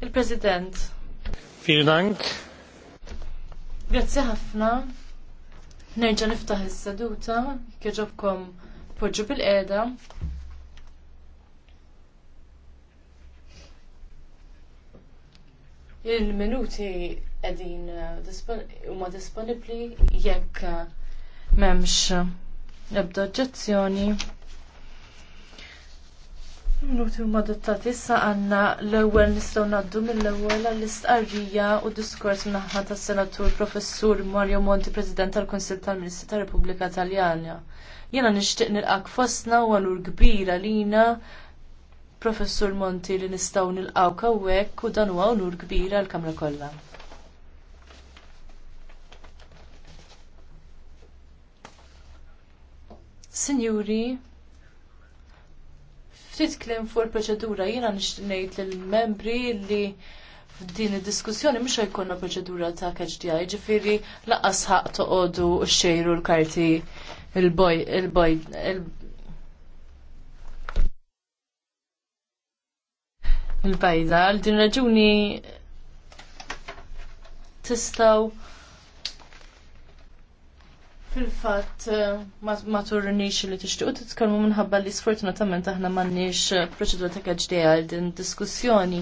Il-President. Vielen Dank. Grazzi ħafna. Nerġa' niftaħ is-seduta kieġobkom poġġu bil-qiegħda. Il-minuti qegħdin eh, huma disponibbli jekk eh, m'hemmx ebda oġġezzjoni. Minuti huma adottati issa għandna l-ewwel nistgħu ngħaddu mill-ewwel għall-istqarrija u diskors naħa tas-Senatur Professur Mario Monti President tal-Kunsill tal-Ministri tar-Repubblika Taljana. Jiena nixtieq nilqak fostna u għalur kbira lina Professur Monti li nistgħu nilqgħu kawwek u dan huwa onur kbira għall-Kamra kollha. Signori, Ftit klim fuq il-proċedura jiena ngħid lill-membri li f'din id-diskussjoni mhux jkollna proċedura ta' KHDI, ġifieri laqas ħaq toqogħdu xxejru l-karti il-boj il-boj il-bajda, għal din raġuni tistaw Fil-fatt eh, ma turnix li tixtiequ titkellmu minħabba li sfortunatament aħna m'għandniex eh, proċedura ta' kaġdej għal din diskussjoni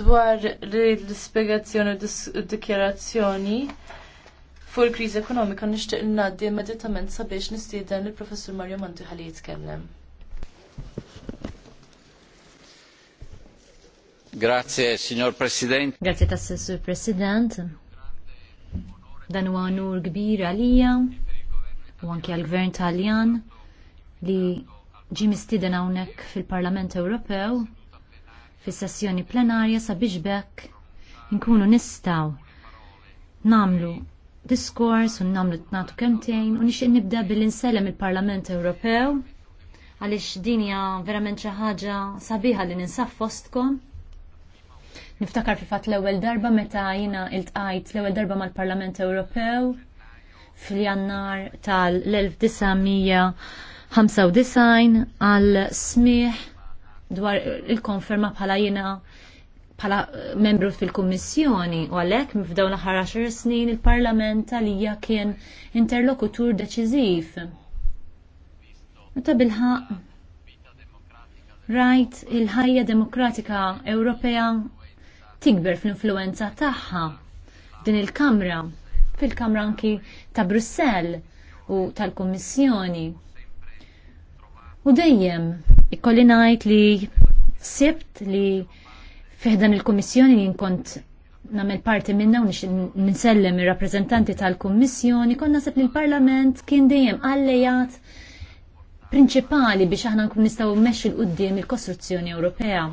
dwar l-ispjegazzjoni u dikjarazzjoni fuq il-kriżi ekonomika nixtieq ngħaddi immedjatament sabiex nistieden lill professur Mario Monti ħalli jitkellem. Grazie, signor President. Grazie, Tassessor President. Dan huwa nur kbir għalija u anke għall-Gvern Taljan li ġi mistieden hawnhekk fil-Parlament Ewropew fis-sessjoni plenarja sabiex bekk nkunu nistgħu nagħmlu diskors u namlu t-natu kemtejn u nixtieq nibda bil-insellem il-Parlament Ewropew għalix dinja verament xi ħaġa sabiħa li ninsaf fostkom Niftakar fi fat l-ewwel darba meta jiena tqajt l-ewwel darba mal-Parlament Ewropew fil-Jannar tal-1995 għal smih dwar il-konferma bħala jiena bħala membru fil-Kummissjoni u għalhekk f'dawn l 10 snin il-Parlament għalija kien interlokutur deċiżiv. Ta' bilħa rajt il-ħajja demokratika Ewropea tikber fl-influenza tagħha din il-Kamra, fil-Kamra anki ta' Brussell u tal-Kummissjoni. U dejjem ikkolli ngħid li sibt li fiħdan il-Kummissjoni li nkont nagħmel parti minna u ninsellem ir-rappreżentanti tal-Kummissjoni, konna sepp li l-Parlament kien dejjem allejat prinċipali biex aħna nkun nistgħu mmexxi l qudiem il-kostruzzjoni Ewropea.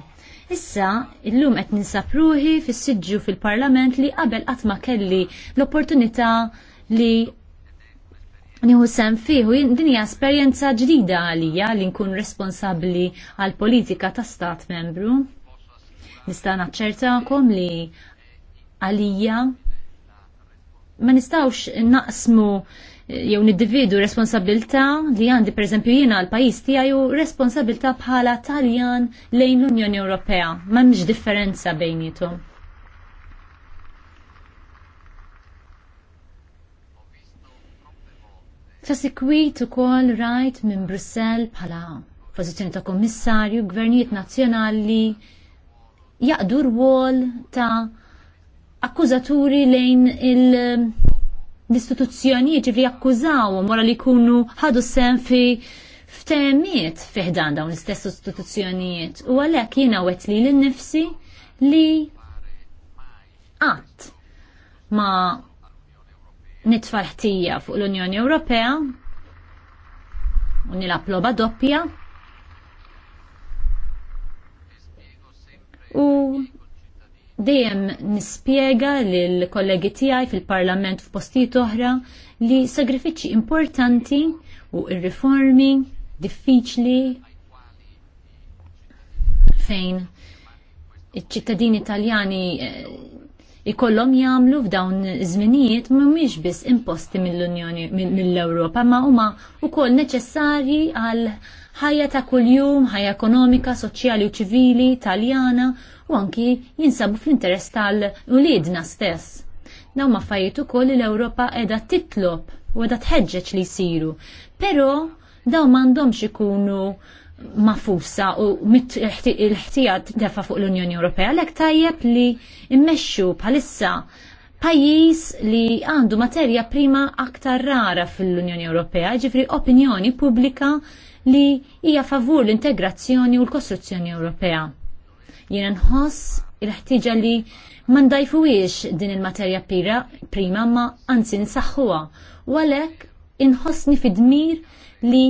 Issa, illum qed ninsapruhi fis-siġġu fil-Parlament li qabel qatt ma kelli l-opportunità li Nieħu sem fiħu hija esperjenza ġdida għalija li nkun responsabbli għal politika ta' stat membru. Nista' naċċertakom li għalija ma nistawx naqsmu jew niddividu responsabilta li għandi eżempju jiena għal pajjiż tiegħu u responsabilta bħala Taljan lejn l-Unjoni Ewropea. M'hemmx differenza bejnietom. Ta' sikwit u kol rajt minn Brussel bħala pozizjoni ta' kommissarju, gvernijiet nazjonali jaqdu rwol ta' akkużaturi lejn il- l-istituzzjonijiet ġifri jakkużawhom wara li jkunu ħadu sem fi ftemiet fiħdan dawn l-istess istituzzjonijiet. U għalhekk jiena wet li l-nifsi li qatt ma nitfal ħtija fuq l-Unjoni Ewropea u nilab doppja u dejjem nispjega lil kollegi tiegħi fil-Parlament f'postijiet oħra li sagrifiċċji importanti u r riformi diffiċli fejn iċ-ċittadini Taljani eh, ikollhom jagħmlu f'dawn iż-żminijiet mhumiex biss imposti mill-Unjoni mill-Ewropa ma huma wkoll neċessarji għal ħajja ta' kuljum, ħajja ekonomika, soċjali u ċivili, taljana u anki jinsabu fl-interess tal-ulidna stess. Dawn ma fajjiet ukoll l-Ewropa qiegħda titlob u edha tħeġġeġ li jsiru. Però dawn m'għandhomx ikunu mafusa u l ħtijat tefa fuq l-Unjoni Ewropea l tajjeb li immexxu bħalissa pajis li għandu materja prima aktar rara fil-Unjoni Ewropea, ġifri opinjoni pubblika li hija favur l-integrazzjoni u l-kostruzzjoni Ewropea. Jiena nħoss il-ħtiġa li ma ndajfuwiex din il-materja pira prima ma anzi nsaħħuha u għalhekk inħossni fid-dmir li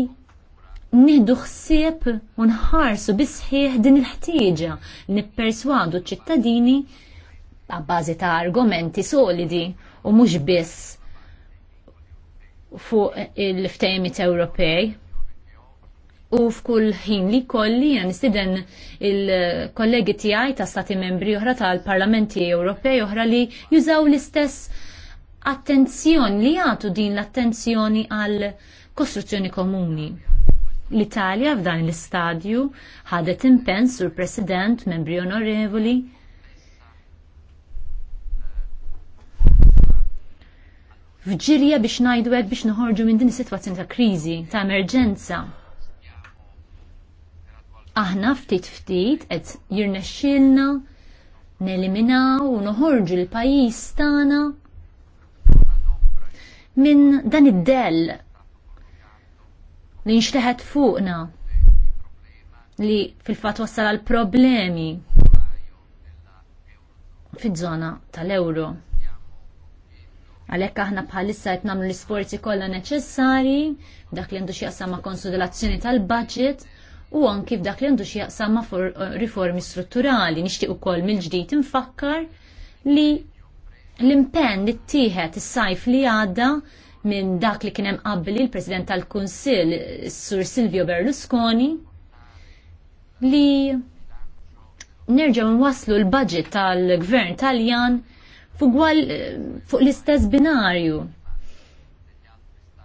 nieħdu ħsieb u nħarsu bisħieħ din il-ħtieġa nipperswadu ċ-ċittadini għabbażi ta' argumenti solidi u mhux biss fuq il-ftejmit Ewropej u f'kull ħin li kolli jena nistiden il-kollegi tiegħi ta' stati membri oħra tal-parlamenti Ewropej oħra li jużaw l-istess attenzjoni li jagħtu din l-attenzjoni għal kostruzzjoni komuni. L-Italja f'dan l-istadju ħadet impens sur President, membri onorevoli, fġirja biex ngħidu biex noħorġu minn din is-sitwazzjoni ta' kriżi, ta' emerġenza aħna ftit ftit qed jirnexxilna neliminaw u noħorġu l-pajjiż tagħna minn dan id-dell li nxteħet fuqna li fil-fatt wassal għal problemi fiż-żona tal-euro. Għalhekk aħna bħalissa qed nagħmlu l-isforzi kollha neċessarji dak li għandu xi ma' konsolidazzjoni tal-budget u kif dak li għandu xi jaqsam eh, riformi strutturali nixtieq ukoll mill-ġdid infakkar li l-impenn li t-tiħet is-sajf li għadda minn dak li kien hemm qabli l-President tal-Kunsill Sur Silvio Berlusconi li nerġaw nwaslu l-budget tal-gvern taljan fuq l-istess binarju.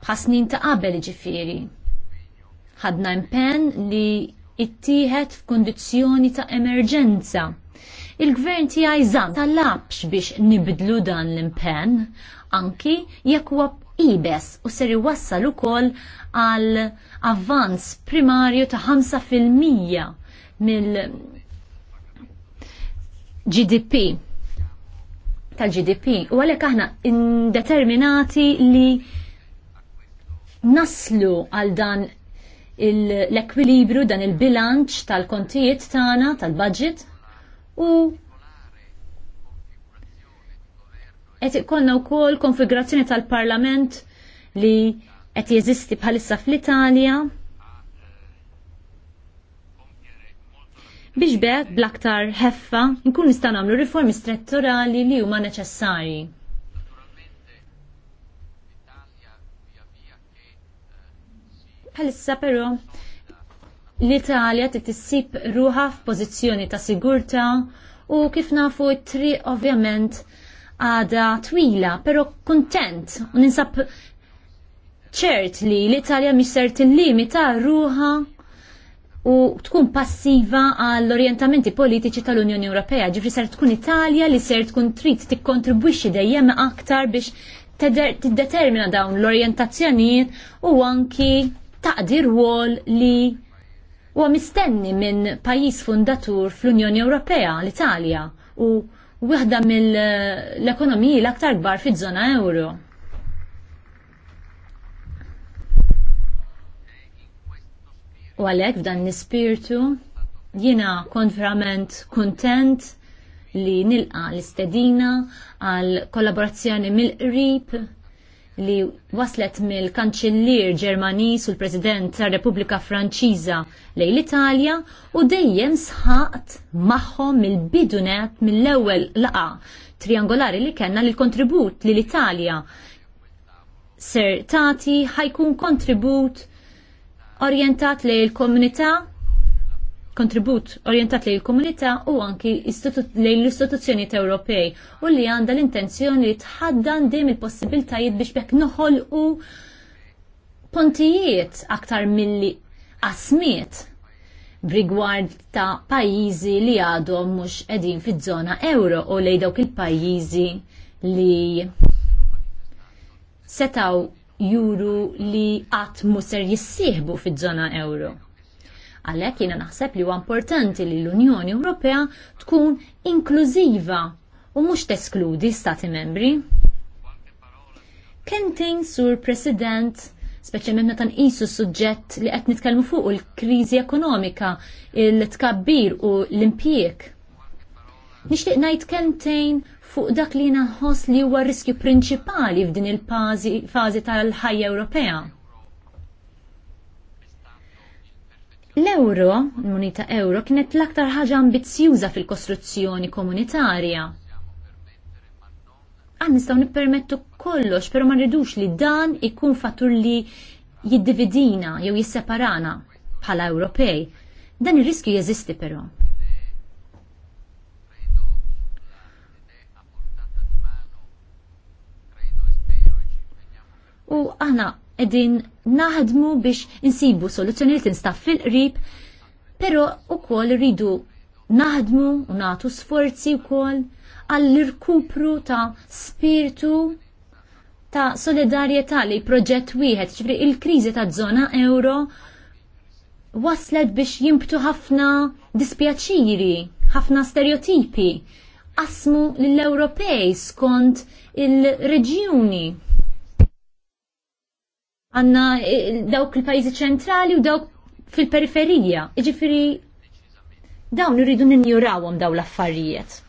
Bħasnin ta' qabel ġifiri ħadna impenn li ittieħed f'kondizzjoni ta' emerġenza. Il-gvern tiegħi żan talabx biex nibdlu dan l-impenn anki jekk huwa ibes u ser iwassal ukoll għal avvanz primarju ta' 5% mill GDP tal-GDP u għalhekk aħna indeterminati li naslu għal dan l-ekwilibru dan il-bilanċ tal-kontijiet tagħna tal-budget u qed ikollna wkoll konfigurazzjoni tal-Parlament li qed jeżisti bħalissa fl-Italja biex bed bl-aktar ħeffa nkun nistgħu nagħmlu riformi strutturali li huma neċessarji. Bħalissa però l-Italja titissib ruħa f'pożizzjoni ta' sigurta u kif nafu it tri ovvjament għada twila, pero kontent u ninsab ċert li l-Italja misser ta' ruħa u tkun passiva għall-orientamenti politiċi tal-Unjoni Ewropea. Ġifri ser tkun Italja li ser tkun trid tikkontribwixxi dejjem aktar biex tiddetermina dawn l-orientazzjonijiet u anki taqdi rwol li huwa mistenni minn pajjiż fundatur fl-Unjoni Ewropea, l-Italja, u waħda mill-ekonomiji l-aktar kbar fiż-żona euro. U għalhekk f'dan l-ispirtu jiena kont verament kuntent li nilqa l-istedina għal kollaborazzjoni mill-qrib li waslet mill kanċillir Ġermaniż u l-President tar-Repubblika Franċiża lejn l-Italja u dejjem sħaqt magħhom mill-bidunet mill-ewwel laqa triangolari li kellna lil kontribut li l-Italja ser tagħti ħajkun kontribut orjentat lejn il-komunità kontribut orientat lejn komunità u anki lejn l-istituzzjoni Ewropej u li għandha l-intenzjoni li tħaddan dejjem il-possibiltajiet biex bekk noħolqu pontijiet aktar milli asmiet brigward ta' pajjiżi li għadhom mhux qegħdin fiż-żona euro u lejn dawk il-pajjiżi li setaw juru li qatt mu ser jissieħbu fiż-żona euro Għalhekk jiena naħseb li huwa importanti li l-Unjoni Ewropea tkun inklużiva u mhux teskludi stati membri. Kenting sur President speċjalment meta nqisu suġġett li qed nitkellmu fuq il-kriżi ekonomika, il-tkabbir u l-impjieg. Nixtieq ngħid kentejn fuq dak li naħoss li huwa riskju prinċipali f'din il-fażi tal-ħajja Ewropea. L-euro, l-munita euro, kienet l-aktar ħaġa ambizjuża fil-kostruzzjoni komunitarja. Għan nistaw nippermettu kollox, pero ma rridux li dan ikun fattur li jiddividina jew jisseparana bħala Ewropej. Dan ir-riskju jeżisti però. U aħna edin naħdmu biex insibu soluzzjoni li tinstaff fil-qrib, pero u kol rridu naħdmu u natu sforzi u kol għall-irkupru ta' spiritu ta' solidarieta li proġett wieħed, ċifri il-krizi ta' zona euro waslet biex jimbtu ħafna dispjaċiri, ħafna stereotipi, asmu l-Ewropej skont il-reġjuni għanna eh, dawk il-pajzi ċentrali u dawk fil-periferija. Iġifiri, dawn irridu ninjurawhom daw l-affarijiet.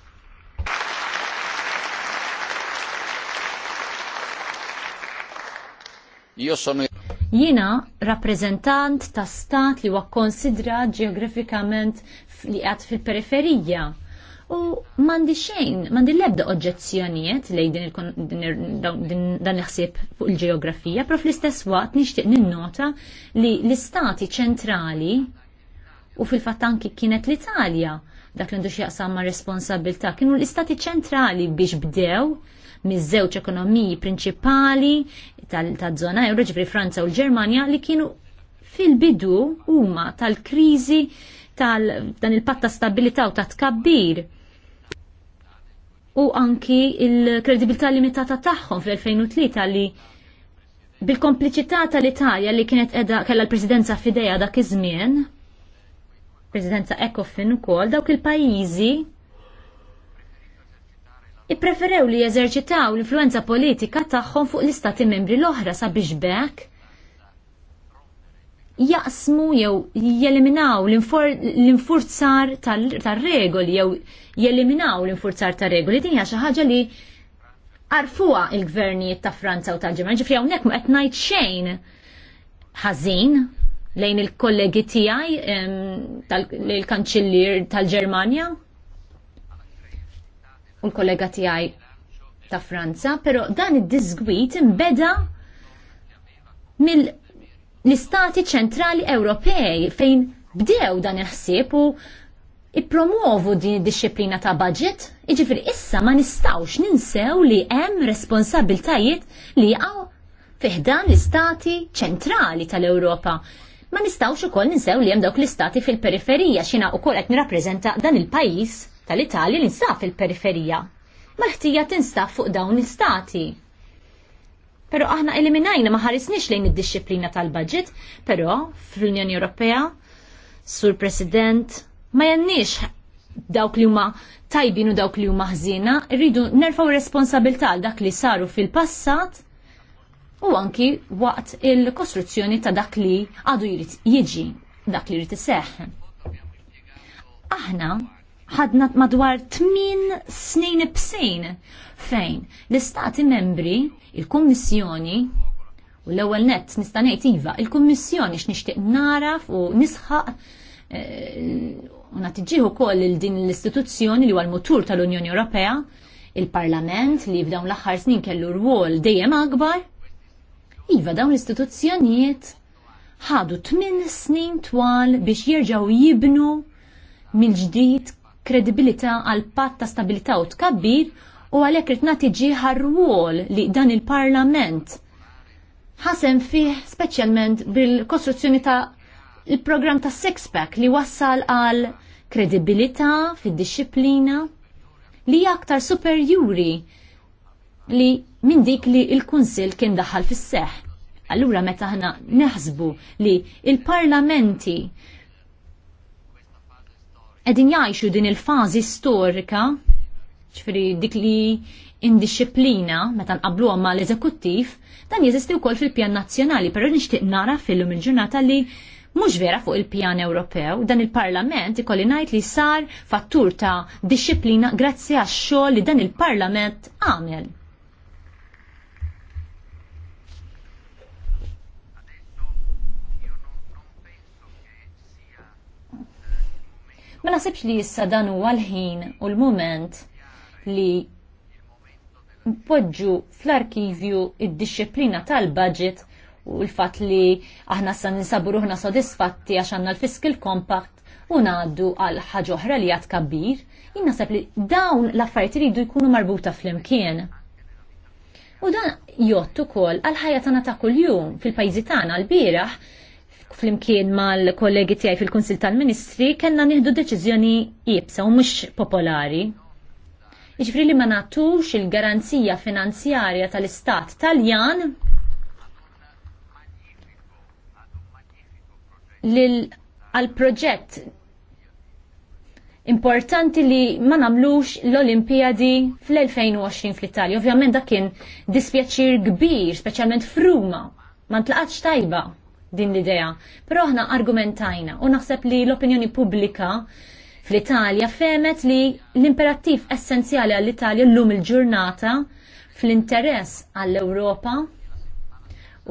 Jina rappresentant ta' stat li huwa konsidra ġeografikament li għad fil-periferija u mandi xejn, mandi lebda oġġezzjonijiet lej dan il-ħsieb fuq il-ġeografija, prof l-istess waqt nixtieq ninnota li l-istati ċentrali u fil-fatt anki kienet l-Italja dak li ndux jaqsam ma' responsabilta kienu l-istati ċentrali biex bdew miż-żewġ ekonomiji prinċipali tal-żona euro ġifri Franza u l-Ġermanja li kienu fil-bidu huma tal-kriżi tal-dan il-patta stabilità u ta' tkabbir u anki il-kredibilità limitata tagħhom fl-2003 li bil-kompliċità tal-Italja li kienet edha kella l-presidenza fideja dak iż-żmien, presidenza ECOFIN ukoll, dawk il-pajjiżi ippreferew li jeżerċitaw l-influenza politika tagħhom fuq l-istati membri l-oħra sabiex bekk jaqsmu jew jeliminaw l-infurzar tal-regoli jew jeliminaw l-infurzar tal-regoli din hija xi ħaġa li arfuha il-gvernijiet ta' Franza u tal-Ġermanja. Ġifri hawnhekk qed ngħid xejn ħażin lejn il-kollegi tiegħi il-kanċillier tal-Ġermanja u l-kollega tiegħi ta' Franza, però dan id-disgwit imbeda mill l-istati ċentrali Ewropej fejn bdew dan il-ħsieb u ippromuovu din id-disciplina ta' budget, iġifir issa ma nistawx ninsew li hemm responsabiltajiet li jaqgħu fiħdan l-istati ċentrali tal-Ewropa. Ma nistawx ukoll ninsew li hemm dawk l-istati fil-periferija xina ukoll qed nirrappreżenta dan il-pajjiż tal-Italja li nsaf fil-periferija. Ma ħtija tinstaf fuq dawn l-istati. Pero aħna eliminajna ma ħarisniex lejn id-disciplina tal-budget, pero fl-Unjoni Ewropea, sur President, ma jenniex dawk li huma tajbin u dawk li huma ħżiena, rridu nerfaw responsabilità għal dak li saru fil-passat u anki waqt il-kostruzzjoni ta' dak li għadu jiġi, dak li jrid iseħħ. Aħna ħadna madwar 8 snin bsejn fejn l-istati membri, il-kummissjoni, u l-ewwel nett nista' ngħid iva, il-kummissjoni x'nixtieq naraf u nisħaq eh, u natiġġieħu ukoll il din l-istituzzjoni li huwa l-mutur tal-Unjoni Ewropea, il-Parlament li f'dawn l-aħħar snin kellu rwol dejjem akbar. Iva dawn l-istituzzjonijiet ħadu 8 snin twal biex jerġgħu jibnu mill-ġdid kredibilità għal patt ta' stabilità u tkabbir u għalhekk rid natiġi ħarwol li dan il-Parlament ħasem fih speċjalment bil-kostruzzjoni ta' il program ta' Sixpack li wassal għal kredibilità fid-disciplina li aktar superjuri li minn dik li il-Kunsil kien daħal fis-seħ. Allura meta ħna neħsbu li il-parlamenti edin jajxu din il-fazi storika, ċifri dik li indisciplina meta nqablu għamma l-eżekuttiv, dan jeżisti wkoll fil-pjan nazzjonali, però nixtieq nara fil-lum il-ġurnata li mhux vera fuq il-pjan Ewropew, dan il-Parlament ikolli ngħid li sar fattur ta' disciplina grazzi għax xogħol li dan il-Parlament għamel. Ma nasibx li issa dan huwa l-ħin u l-moment li poġġu fl-arkivju id-disciplina tal-budget u l-fat li aħna sa ninsabu ruħna sodisfatti għax għanna l-fiskil compact u naddu għal oħra li għad kabbir, jinnasab li dawn l-affarijiet iridu jkunu marbuta fl-imkien. U dan jottu kol għal ħajja tana ta' kuljum fil-pajzi tana l-biraħ flimkien mal-kollegi tiegħi fil-Kunsil tal-Ministri kellna nieħdu deċiżjoni jibsa u mhux popolari. Jiġifieri li ma nagħtux il-garanzija finanzjarja tal-Istat Taljan għal proġett importanti li ma namlux l-Olimpijadi fl-2020 fl-Italja. Ovvjament dak kien dispjaċir kbir, speċjalment f'Ruma. Ma ntlaqatx tajba din l-idea. Però aħna argumentajna u naħseb li l-opinjoni pubblika fl-Italja femet li l-imperattiv essenzjali għall-Italja llum il-ġurnata fl-interess għall-Ewropa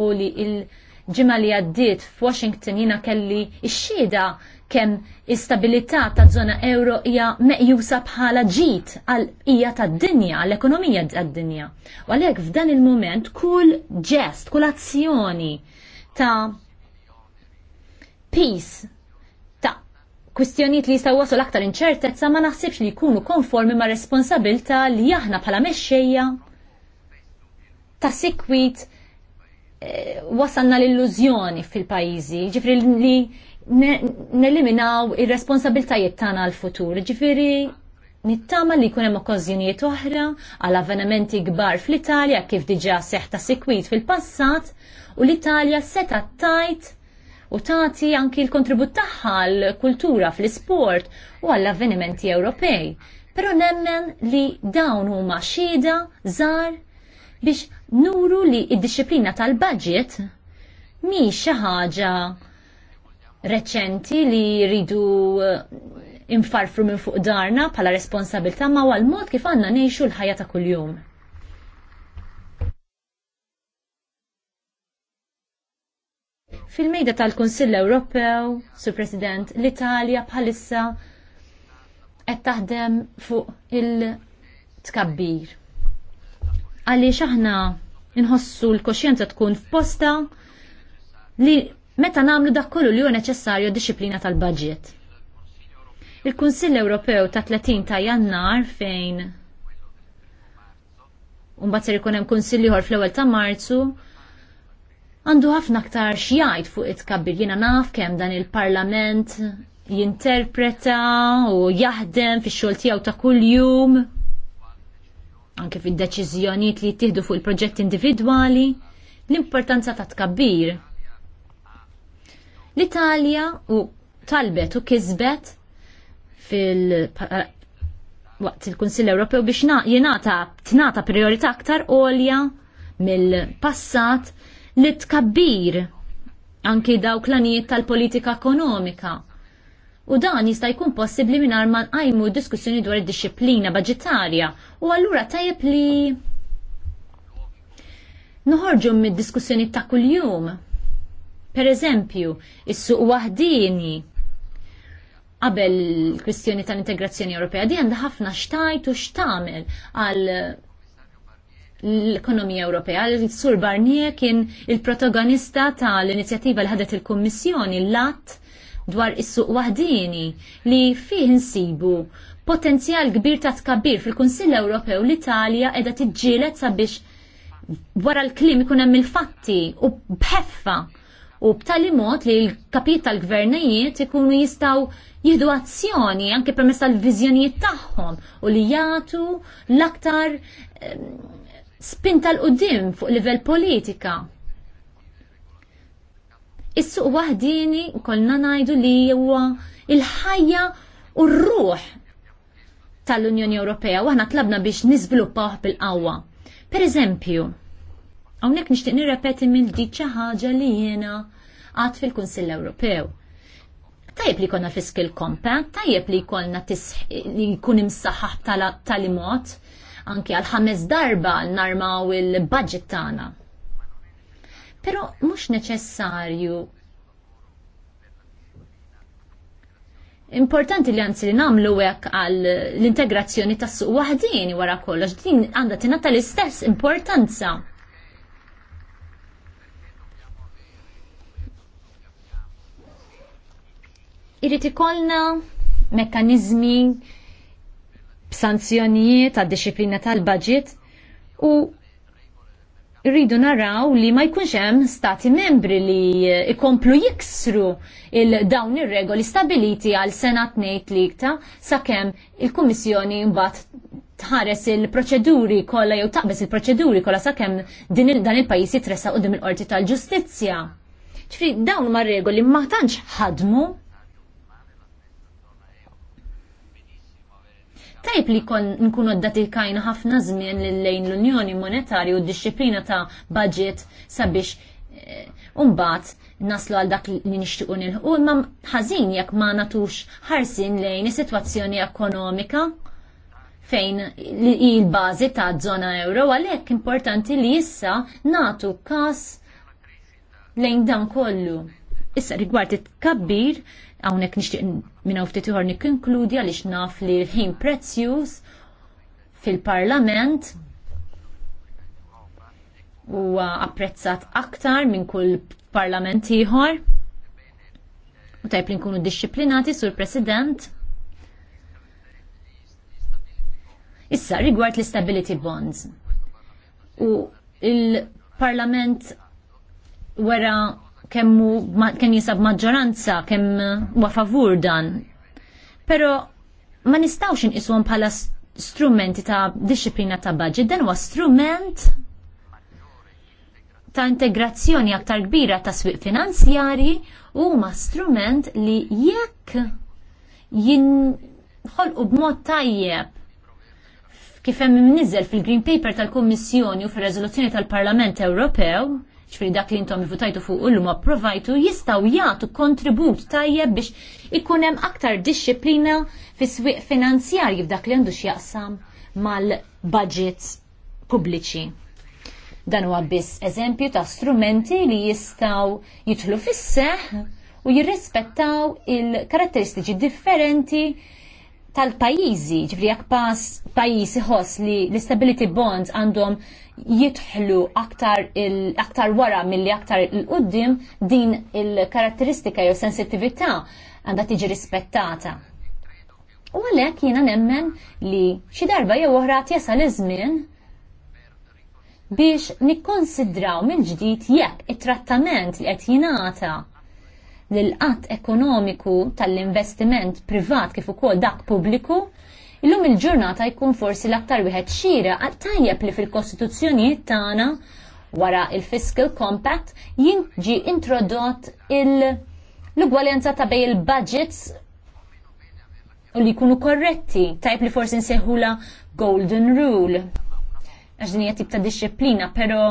u li il-ġimma li għaddiet f'Washington jina kelli ix xieda kemm istabilità ta' zona euro hija meqjusa bħala ġit għal hija tad-dinja, għall ekonomija tad-dinja. U għalhekk f'dan il-mument kull ġest, kull azzjoni ta' peace ta' kwistjonijiet li jistgħu waslu l-aktar inċertezza ma naħsibx li jkunu konformi ma' responsabilta li aħna bħala mexxejja ta' sikwit eh, wasanna l-illużjoni fil-pajjiżi, ġifri li neliminaw ir-responsabiltajiet tagħna għal-futur, ġifri nittama li kunem okkażjonijiet oħra għal avvenimenti kbar fl-Italja kif diġa seħta sikwit fil-passat u l-Italja seta tajt u tagħti anki l-kontribut tagħha l-kultura fl-isport u għall-avvenimenti Ewropej. Però nemmen li dawn huma xhieda żgħar biex nuru li id-disciplina tal-budget mi xi ħaġa reċenti li ridu eh, infarfru minn fuq darna bħala responsabilta ma għal mod kif għandna neħxu l-ħajja ta' kuljum. Fil-mejda tal-Kunsill Ewropew, Sur President, l-Italja bħalissa qed taħdem fuq il-tkabbir. Għaliex aħna inħossu l-koxjenza tkun f'posta li meta namlu dak kollu li huwa neċessarju disciplina tal-budget. Il-Kunsill Ewropew ta' 30 ta' Jannar fejn Umbat ser ikun hemm kunsill ieħor fl-ewwel ta' Marzu għandu ħafna aktar xjajt fuq it-kabbir. Jena naf kem dan il-parlament jinterpreta u jaħdem fi xol tijaw ta' kull-jum, anke fi deċizjoniet li jittihdu fuq il-proġett individuali, l-importanza ta' tkabbir. L-Italja u talbet u kizbet fil waqt il-Kunsill Ewropew biex jenata tnata priorita aktar għolja mill-passat li tkabbir anki dawk l-anijiet tal-politika ekonomika. U dan jista' jkun possibbli mingħajr ma nqajmu diskussjoni dwar id-disciplina baġitarja. u allura tajjeb li noħorġu mid-diskussjoni ta' kuljum. Per eżempju, is-suq waħdini qabel kwistjoni tal-integrazzjoni Ewropea di għandha ħafna xtajt u xtamel għal l-ekonomija Ewropea. Sur Barnier kien il-protagonista tal-inizjattiva li ħadet il-Kummissjoni l-att dwar is-suq waħdini li fih insibu potenzjal kbir ta' tkabbir fil-Kunsill Ewropew l-Italja edha tiġġielet sabiex wara l-klim ikun hemm il-fatti u bħeffa u b'tali mod li l-kapit tal-gvernijiet ikunu jistaw jihdu azzjoni anke permess tal-vizjonijiet tagħhom u li jagħtu l-aktar spinta l-qoddim fuq livell politika. Is-suq waħdini kolna najdu li huwa il-ħajja u r-ruħ tal-Unjoni Ewropea u aħna tlabna biex niżviluppaw bil-qawwa. Per eżempju, hawnhekk nixtieq nirrepeti minn dik xi ħaġa li jiena għad fil-Kunsill Ewropew. Tajjeb li konna fiskil compact, tajjeb li jkollna li jkun imsaħħaħ tal-imot, anke għal ħames darba narmaw il-budget tagħna. Però mhux neċessarju Importanti li għanzi li namlu għek għal l-integrazzjoni tas suq wahdini wara kollox, din għanda tinata l-istess importanza. Irrit ikollna mekkaniżmi b'sanzjonijiet għad disciplina tal-budget u rridu naraw li ma jkunx hemm stati membri li ikomplu jiksru il-dawn ir-regoli stabiliti għal sena li ta sakemm il-Kummissjoni mbagħad tħares il-proċeduri kollha jew taqbes il-proċeduri kollha sakemm din dan il-pajjiż jitressa qudiem il-qorti tal-ġustizzja. Ġifri dawn ma regoli ma tantx ħadmu Tajb li kon nkunu d kajna ħafna żmien lejn l-Unjoni Monetarju u d-disciplina ta' budget sabiex e, eh, umbat naslu għal dak li nixtiqu u ma ħażin jekk ma natux ħarsin lejn is-sitwazzjoni ekonomika fejn il-bażi ta' żona euro għalhekk importanti li issa natu kas lejn dan kollu. Issa rigward it-kabbir Hawnhekk nixtieq minna ftit ieħor nikkonkludi għaliex naf li l-ħin prezzjus fil-Parlament huwa apprezzat aktar minn kull parlament ieħor. U tajb li nkunu disċiplinati sur President. Issa rigward l-Stability Bonds. U il-Parlament wera kemmu kemm jisab maġġoranza kemm huwa uh, favur dan. Però ma nistgħux inqishom bħala strumenti ta' disciplina ta' budget, dan huwa strument ta' integrazzjoni aktar kbira ta' swieq finanzjari huma strument li jekk jinħolqu b'mod tajjeb kif hemm fil-Green Paper tal-Kummissjoni u fir-Reżoluzzjoni tal-Parlament Ewropew, ċfri dak li intom votajtu fuq u ma provajtu jistaw jgħatu kontribut tajjeb biex ikunem aktar disċiplina fi swieq finanzjarji f'dak li għandu x'jaqsam mal-budgets pubbliċi. Dan huwa biss eżempju ta' strumenti li jistaw jitlu fis-seħ u jirrispettaw il-karatteristiċi differenti tal-pajizi, ġifri jekk pass pajizi ħoss li l-stability bonds għandhom jidħlu aktar, aktar wara milli aktar il-qoddim din il-karatteristika jew sensitività għandha tiġi rispettata. U għalhekk jiena nemmen li xi darba jew oħra jasal iż-żmien biex nikkonsidraw minn ġdid jekk it-trattament li qed jingħata lil qatt ekonomiku tal-investiment privat kif ukoll dak pubbliku Illum il-ġurnata jkun forsi l-aktar wieħed xira għal tajjeb li fil-kostituzzjonijiet tagħna wara il-Fiscal Compact jinġi introdott l-ugwaljanza ta' bej il-budgets u li jkunu korretti, tajb li forsi nsejħula Golden Rule. Għaxdin hija tip ta' disċiplina, pero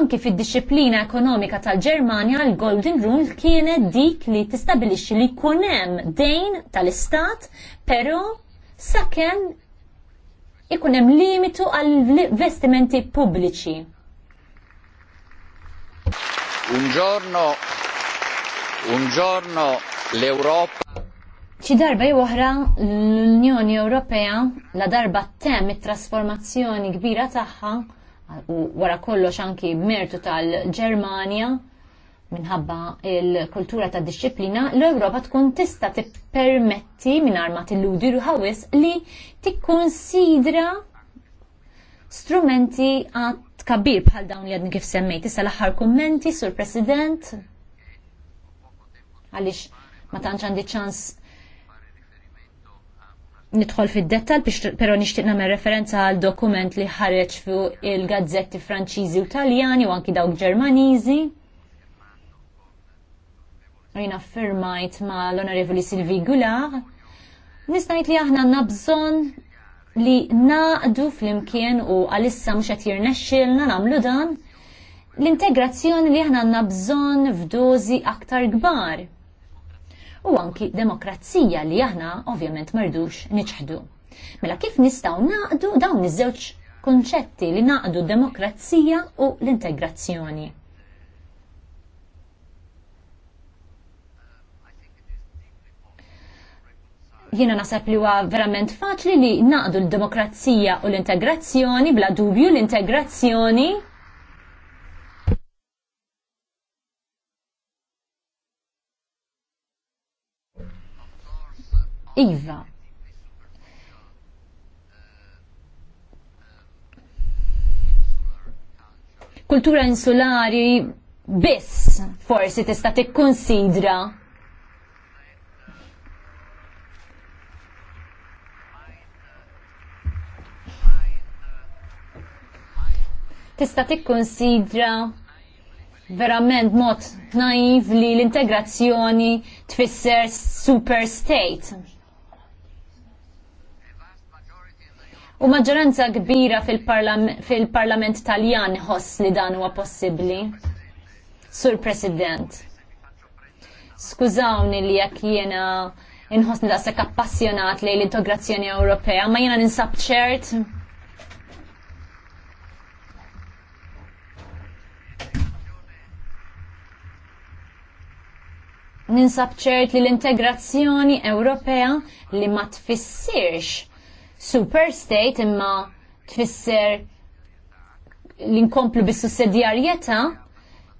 anke fid dixxiplina ekonomika tal-Ġermanja l-Golden Rule kienet dik li tistabilixxi li jkun hemm dejn tal-istat, però sakemm ikun hemm limitu għall investimenti pubbliċi. Un giorno un giorno l ċi Xi darba oħra l-Unjoni Ewropea la darba tem it-trasformazzjoni kbira tagħha wara kollox anki mertu tal-Ġermanja minħabba il-kultura ta' disċiplina, l-Europa tkun tista' tippermetti mingħajr ma tilludi ħawis li tikkonsidra strumenti għat kabir bħal dawn li għadni kif semmejt. Issa l-aħħar kummenti sur President għaliex ma tantx għandi ċans nidħol fid-dettal biex però nixtieq nagħmel referenza għal dokument li ħareġ fuq il-gazzetti Franċiżi u Taljani u anki dawk Ġermaniżi rina firmajt ma l-Onorevoli Silvi Gular, nistajt li aħna nabżon li naqdu fl-imkien u għalissa mux jirnexxil nesċilna namlu dan, l-integrazzjoni li aħna nabżon f'dozi aktar gbar. U anki demokrazija li aħna ovvjament mardux niċħdu. Mela kif nistaw naqdu dawn iż-żewġ konċetti li naqdu demokrazija u l-integrazzjoni? jiena naħseb li huwa verament faċli li naqdu l-demokrazija u l-integrazzjoni bla dubju l-integrazzjoni Iva. Kultura insulari biss forsi tista' tikkonsidra tista' tikkonsidra verament mod naiv li l-integrazzjoni tfisser super state. U maġġoranza kbira fil-parlament fil taljan ħoss li dan huwa possibbli. Sur President, skużawni li jekk jiena inħossni daqshekk appassjonat lejn l-integrazzjoni Ewropea, ma jiena ninsab ċert ninsab ċert li l-integrazzjoni Ewropea li ma tfissirx super state imma tfisser l-inkomplu bis-sussedjarjetà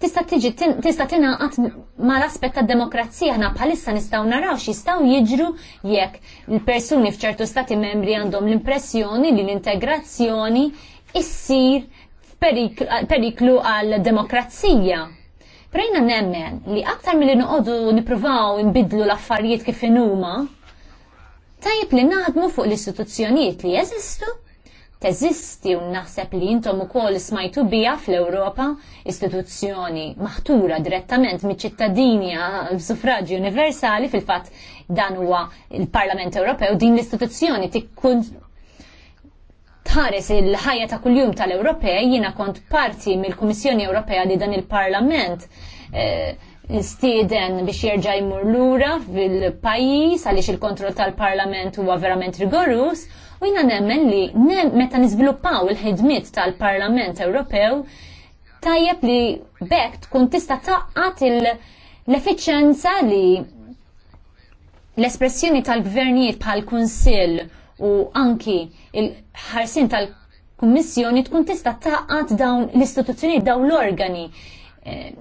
tista' tiġi tista' tingħaqad ma l-aspett tad-demokrazija ħna bħalissa nistgħu naraw x'jistgħu jiġru jekk il-persuni f'ċertu stati membri għandhom l-impressjoni li l-integrazzjoni issir periklu għal-demokrazija. Prejna nemmen li aktar mill-li noqogħdu nippruvaw nbidlu l-affarijiet kif inhuma, tajib li naħdmu fuq l-istituzzjonijiet li jeżistu teżisti u naħseb li jintom u kol smajtu bija fl-Europa istituzzjoni maħtura direttament mit ċittadini għal-sufraġi universali fil-fat dan huwa il-Parlament Ewropew din l-istituzzjoni tikkun tħares il-ħajja ta' kuljum tal-Ewropej, jiena kont parti mill-Kummissjoni Ewropea li dan il-Parlament eh, stieden biex jerġa' jmur lura fil-pajjiż għaliex il-kontroll tal-Parlament huwa verament rigorus u jiena nemmen li meta niżviluppaw il-ħidmiet tal-Parlament Ewropew tajjeb li bekt tkun tista' taqqat l efficienza li l-espressjoni tal-gvernijiet bħal kunsill u anki il-ħarsin tal-Kummissjoni tkun tista' taqgħad dawn l-istituzzjoni dawn l-organi eh,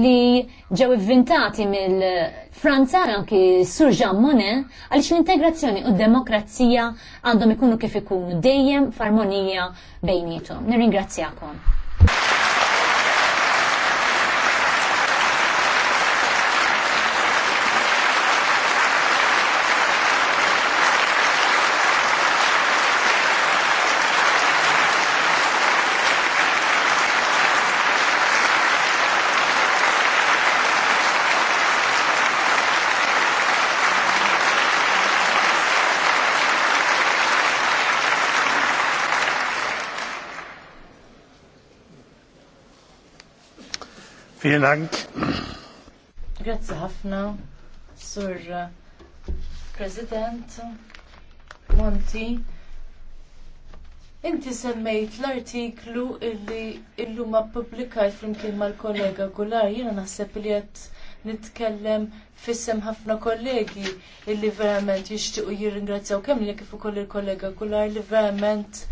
li ġew inventati mill-Franza anki Sur Jean Monnet għaliex l-integrazzjoni u d-demokrazija għandhom ikunu kif ikunu dejjem f'armonija bejnietom. Nirringrazzjakom. Vielen Dank. Grazie ħafna, Sur President Monti. Inti semmejt l-artiklu illi ma publikajt flimkien mal-kollega Gular, jiena naħseb li qed nitkellem fissem ħafna kollegi illi verament jixtiequ jirringrazzjaw kemm li kif ukoll il-kollega Gular li verament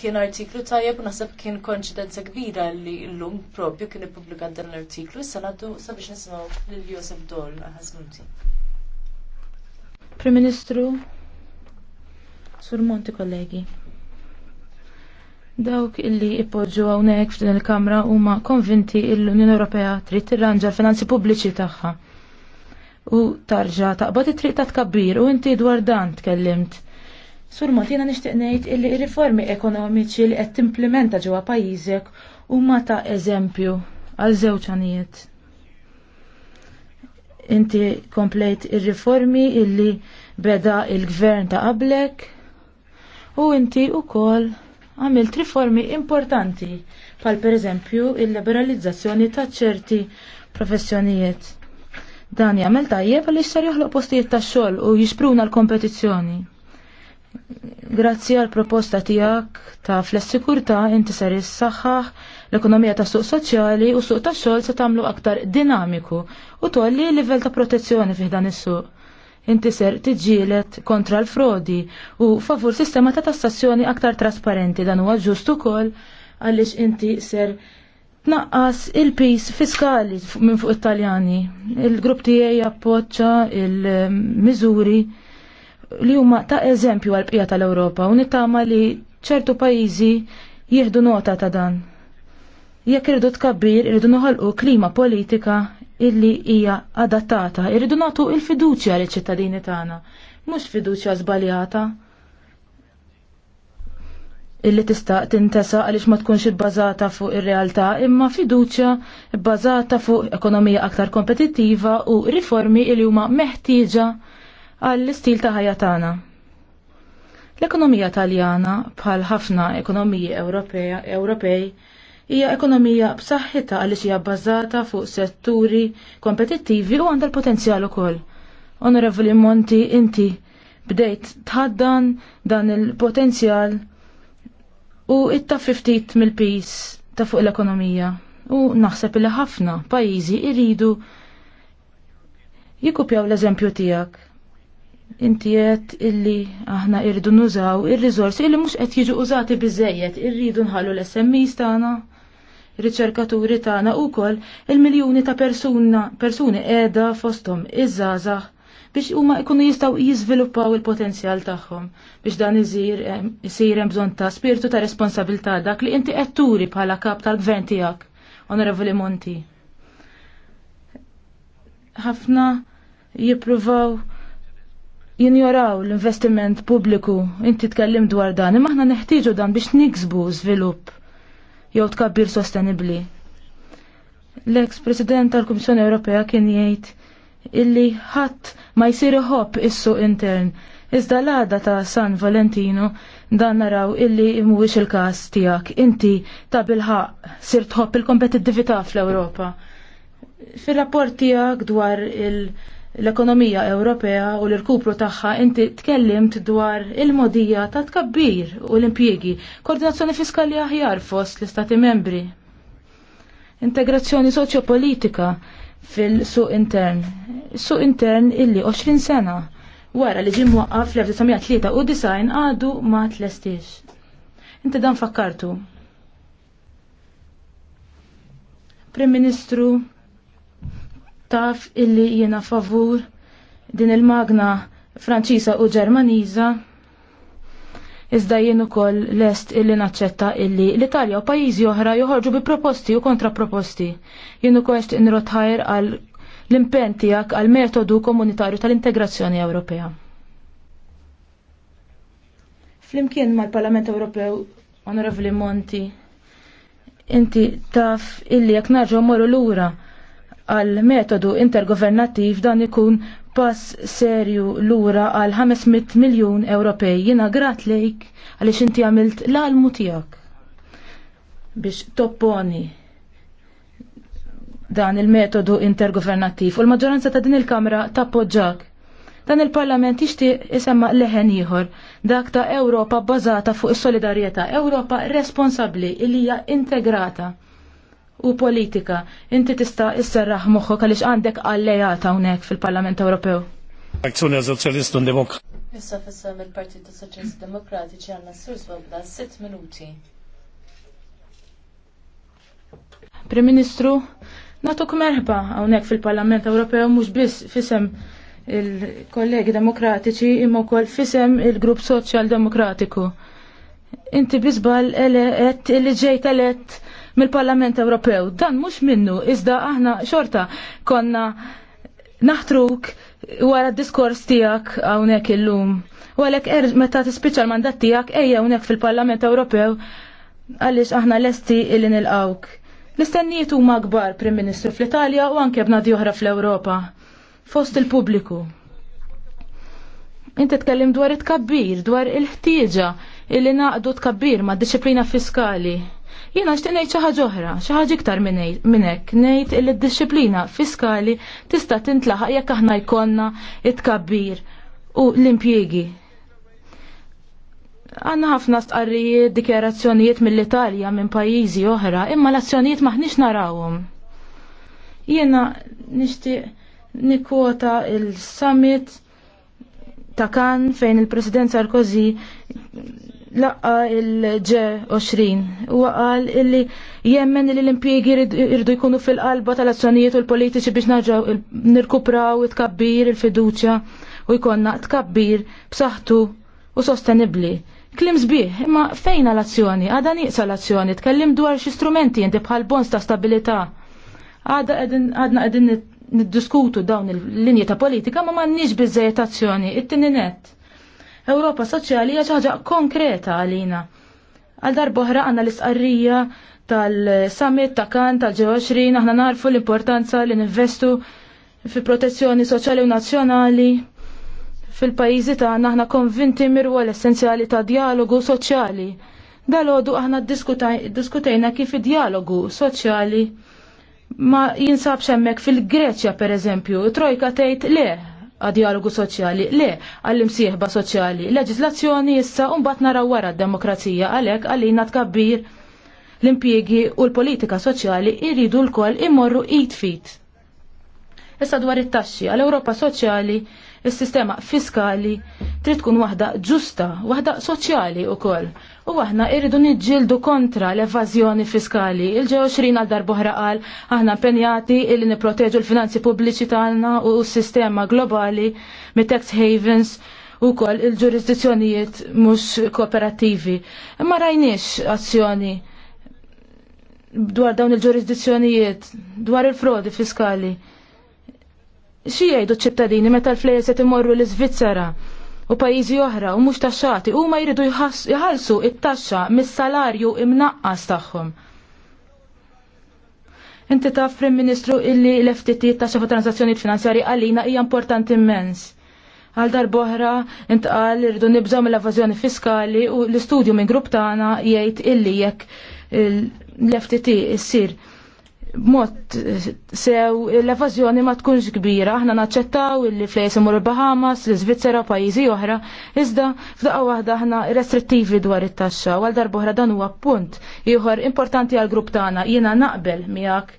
kien artiklu tajjeb u naħseb kien konċidenza kbira li llum propju kien ippubblikat dan l-artiklu. Issa ngħaddu sabiex nisimgħu lil Joseph Dol ħażmuti. Prim Ministru, Sur Monti kollegi. Dawk illi ippoġġu hawnhekk f'din il-Kamra huma konvinti l unjoni Ewropea trid tirranġa l-finanzi pubbliċi tagħha. U tarġa taqbad it-triq ta' tkabbir u inti dwar dan tkellimt Sur Matina nixtieq ngħid illi riformi ekonomiċi li qed timplementa ġewwa pajjiżek huma ta' eżempju għal żewġ għanijiet. Inti komplejt ir-riformi illi beda il-gvern ta' qablek u inti wkoll għamilt riformi importanti pal pereżempju il-liberalizzazzjoni ta' ċerti professjonijiet. Dan jagħmel tajjeb għaliex sar joħloq postijiet tax-xogħol u jispruna l-kompetizzjoni. Grazzi għal proposta tijak ta' fl-sikurta inti ser saħħaħ l-ekonomija ta' suq soċjali u suq ta' xogħol se tagħmlu aktar dinamiku u tolli livell ta' protezzjoni fih dan is-suq. Inti ser tiġġielet kontra l-frodi u favur sistema ta' tassazzjoni aktar trasparenti dan huwa ġust ukoll għaliex inti ser tnaqqas il-pis fiskali minn fuq it-Taljani. Il-grupp tiegħi jappoġġa il-miżuri il grupp tiegħi jappoġġa il miżuri il miżuri li huma ta' eżempju għal bqija tal-Ewropa u nittama li ċertu pajjiżi jieħdu nota ta' dan. Jekk irridu tkabbir, irridu noħolqu klima politika illi hija adattata, irridu nagħtu il-fiduċja li ċittadini tagħna, mhux fiduċja żbaljata illi tista' tintesa għaliex ma tkunx ibbażata fuq ir-realtà imma fiduċja bbażata fuq ekonomija aktar kompetittiva u riformi li huma meħtieġa għall-istil ta' ħajja tagħna. L-ekonomija taljana bħal ħafna ekonomiji Ewropej hija ekonomija b'saħħitha għaliex hija bbażata fuq setturi kompetittivi u għandha l-potenzjal ukoll. Onorevoli Monti, inti bdejt tħaddan dan il-potenzjal u itta ftit mill-pis ta' fuq l-ekonomija. U naħseb li ħafna pajjiżi iridu jikupjaw l-eżempju tiegħek Inti qed illi aħna irridu nużaw ir-riżorsi illi mhux qed jiġu użati biżejjed, irridu nħallu l-SMEs tagħna, riċerkaturi tagħna wkoll il-miljuni ta' persuna persuni qiegħda fosthom iż-żgħażagħ biex huma jkunu jistgħu jiżviluppaw il-potenzjal tagħhom biex dan iżir isir hemm bżonn ta' spiritu ta' responsabilità dak li inti qed turi bħala kap tal-gvern tiegħek, Onorevoli Monti. Ħafna jippruvaw jinjoraw l-investiment pubbliku, inti tkellim dwar dan, imma aħna neħtieġu dan biex niksbu żvilupp jew tkabbir sostenibbli. L-ex-President tal-Kummissjoni Ewropea kien jgħid illi ħadd ma jsir iħobb is-suq intern. Iżda l-għada ta' San Valentino dan naraw illi mhuwiex il-każ tiegħek. Inti ta' bilħaq sir tħobb il-kompetittività fl-Ewropa. Fir-rapport tiegħek dwar il- l-ekonomija Ewropea u l-irkupru tagħha inti tkellimt dwar il-modija ta' tkabbir u l-impjiegi, koordinazzjoni fiskali aħjar fost l-Istati membri, integrazzjoni soċjopolitika fil-suq intern. Suq intern illi 20 sena wara li ġim waqqaf fl-1993 u design għadu ma tlestix. Inti dan fakkartu. Prim Ministru taf illi jiena favur din il-magna Franċiża u Ġermaniża iżda jien ukoll lest illi naċċetta illi l-Italja u pajjiżi oħra joħorġu bi proposti u kontraproposti. Jien ukoll qed inrotħajr għal l-impenn tiegħek għal metodu komunitarju tal-integrazzjoni Ewropea. Flimkien mal-Parlament Ewropew, Onorevoli Monti, inti taf illi jekk narġgħu morru lura għal metodu intergovernattiv dan ikun pass serju lura għal 500 miljon Ewropej. Jina grat lejk għaliex inti għamilt l-almu tijak biex topponi dan il-metodu intergovernattiv u l-maġġoranza ta' din il-Kamra tappoġġak. Dan il-Parlament jixtieq isemma leħen ieħor dak ta' Ewropa bbażata fuq is-solidarjetà, Ewropa responsabbli li hija integrata u politika. Inti tista' isserraħ moħħok għaliex għandek għallejata hawnhekk fil-Parlament Ewropew. Azzjoni Soċjalistu Demokratiku. Issa fissa mill-Partit Soċjalisti Demokratiċi għandna s-sur swabda 6 minuti. Prim Ministru, natuk merħba hawnhekk fil-Parlament Ewropew mhux biss fissem il-kollegi demokratiċi imma kol fissem il-Grupp Soċjal Demokratiku. Inti bisbal ele il ġejt elett mill-Parlament Ewropew. Dan mhux minnu iżda aħna xorta konna naħtruk wara d-diskors tiegħek hawnhekk illum. U għalhekk erġ meta t-spicċa l-mandat tiegħek eja hawnhekk fil-Parlament Ewropew għaliex aħna lesti il-għawk. L-istennijiet u kbar Prim Ministru fl-Italja u anke b'nadi oħra fl-Ewropa. Fost il-pubbliku. Inti tkellim dwar it-kabbir, dwar il-ħtieġa li naqdu tkabbir ma' disciplina fiskali. Jiena xti ngħid xi ħaġa oħra, xi ħaġa iktar minn hekk ngħid li d-disciplina fiskali tista' tintlaħaq jekk aħna jkollna it-kabbir u l-impjiegi. Għanna ħafna stqarrijiet, dikjarazzjonijiet mill-Italja minn pajjiżi oħra, imma l-azzjonijiet maħniex narawhom. Jiena nixtieq nikota il-summit ta' kan fejn il-President Sarkozy laqqa il ġ 20 u għal illi jemmen li l-impiegi irdu jkunu fil-qalba tal-azzjonijiet u l-politiċi biex naġaw nirkupraw it-kabbir il-fiduċja u jkonna tkabbir b'saħħtu u sostenibli. Klim sbieħ, imma fejn l-azzjoni? Għada niqsa l-azzjoni, tkellim dwar xi strumenti jendib bħal bons ta' stabilità. Għadna qegħdin niddiskutu dawn il-linji ta' politika ma m'għandniex bizzajet azzjoni, it-tininet Ewropa soċjali hija xi ħaġa konkreta għalina. Għal darboħra għandna l isqarrija tal-summit ta' kan tal-G20 aħna narfu l-importanza li ninvestu fi protezzjoni soċjali u nazzjonali fil-pajjiżi tagħna aħna konvinti mirru l-essenzjali ta' dialogu soċjali. Dalodu aħna diskutejna kif dialogu soċjali ma jinsabx hemmhekk fil-Greċja pereżempju, trojka tgħid leh għad-dialogu soċjali, le għall-imsieħba soċjali, leġislazzjoni issa unbat naraw wara d-demokrazija għalek għalina tkabbir l impjiegi u l-politika soċjali irridu l-koll immorru it fit. Issa dwar it-taxxi għall-Ewropa soċjali Is-sistema fiskali trid tkun waħda ġusta, waħda soċjali wkoll. U aħna irridu niġġieldu kontra l-evażjoni fiskali. Il-20 għal darbohra qal aħna penjati illi nipproteġu l-finanzi pubbliċi tagħna u s-sistema globali mit-tax havens u kol il-ġurisdizzjonijiet mhux kooperattivi. Ma rajniex azzjoni dwar dawn il-ġurisdizzjonijiet, dwar il-frodi fiskali. Xi jgħidu ċ-ċittadini meta l-flejers imorru l svizzera u pajjiżi oħra u mhux taxxati huma jridu jħallsu it-taxxa mis-salarju imnaqqas tagħhom. Inti taf Prim Ministru illi l-FTT taxxa fuq transazzjonijiet finanzjarji għalina hija importanti immens. Għal darboħra intqal irridu nibżgħu mill-evażjoni fiskali u l-istudju minn grupp tagħna jgħid illi jekk l-FTT issir mod sew l-evazjoni ma tkunx kbira, aħna naċċettaw illi flejs imur il-Bahamas, l-Svizzera, pajjiżi oħra, iżda f'daqqa waħda aħna restrittivi dwar it-taxxa, għal darbohra dan huwa punt ieħor importanti għal grupp tagħna jiena naqbel miegħek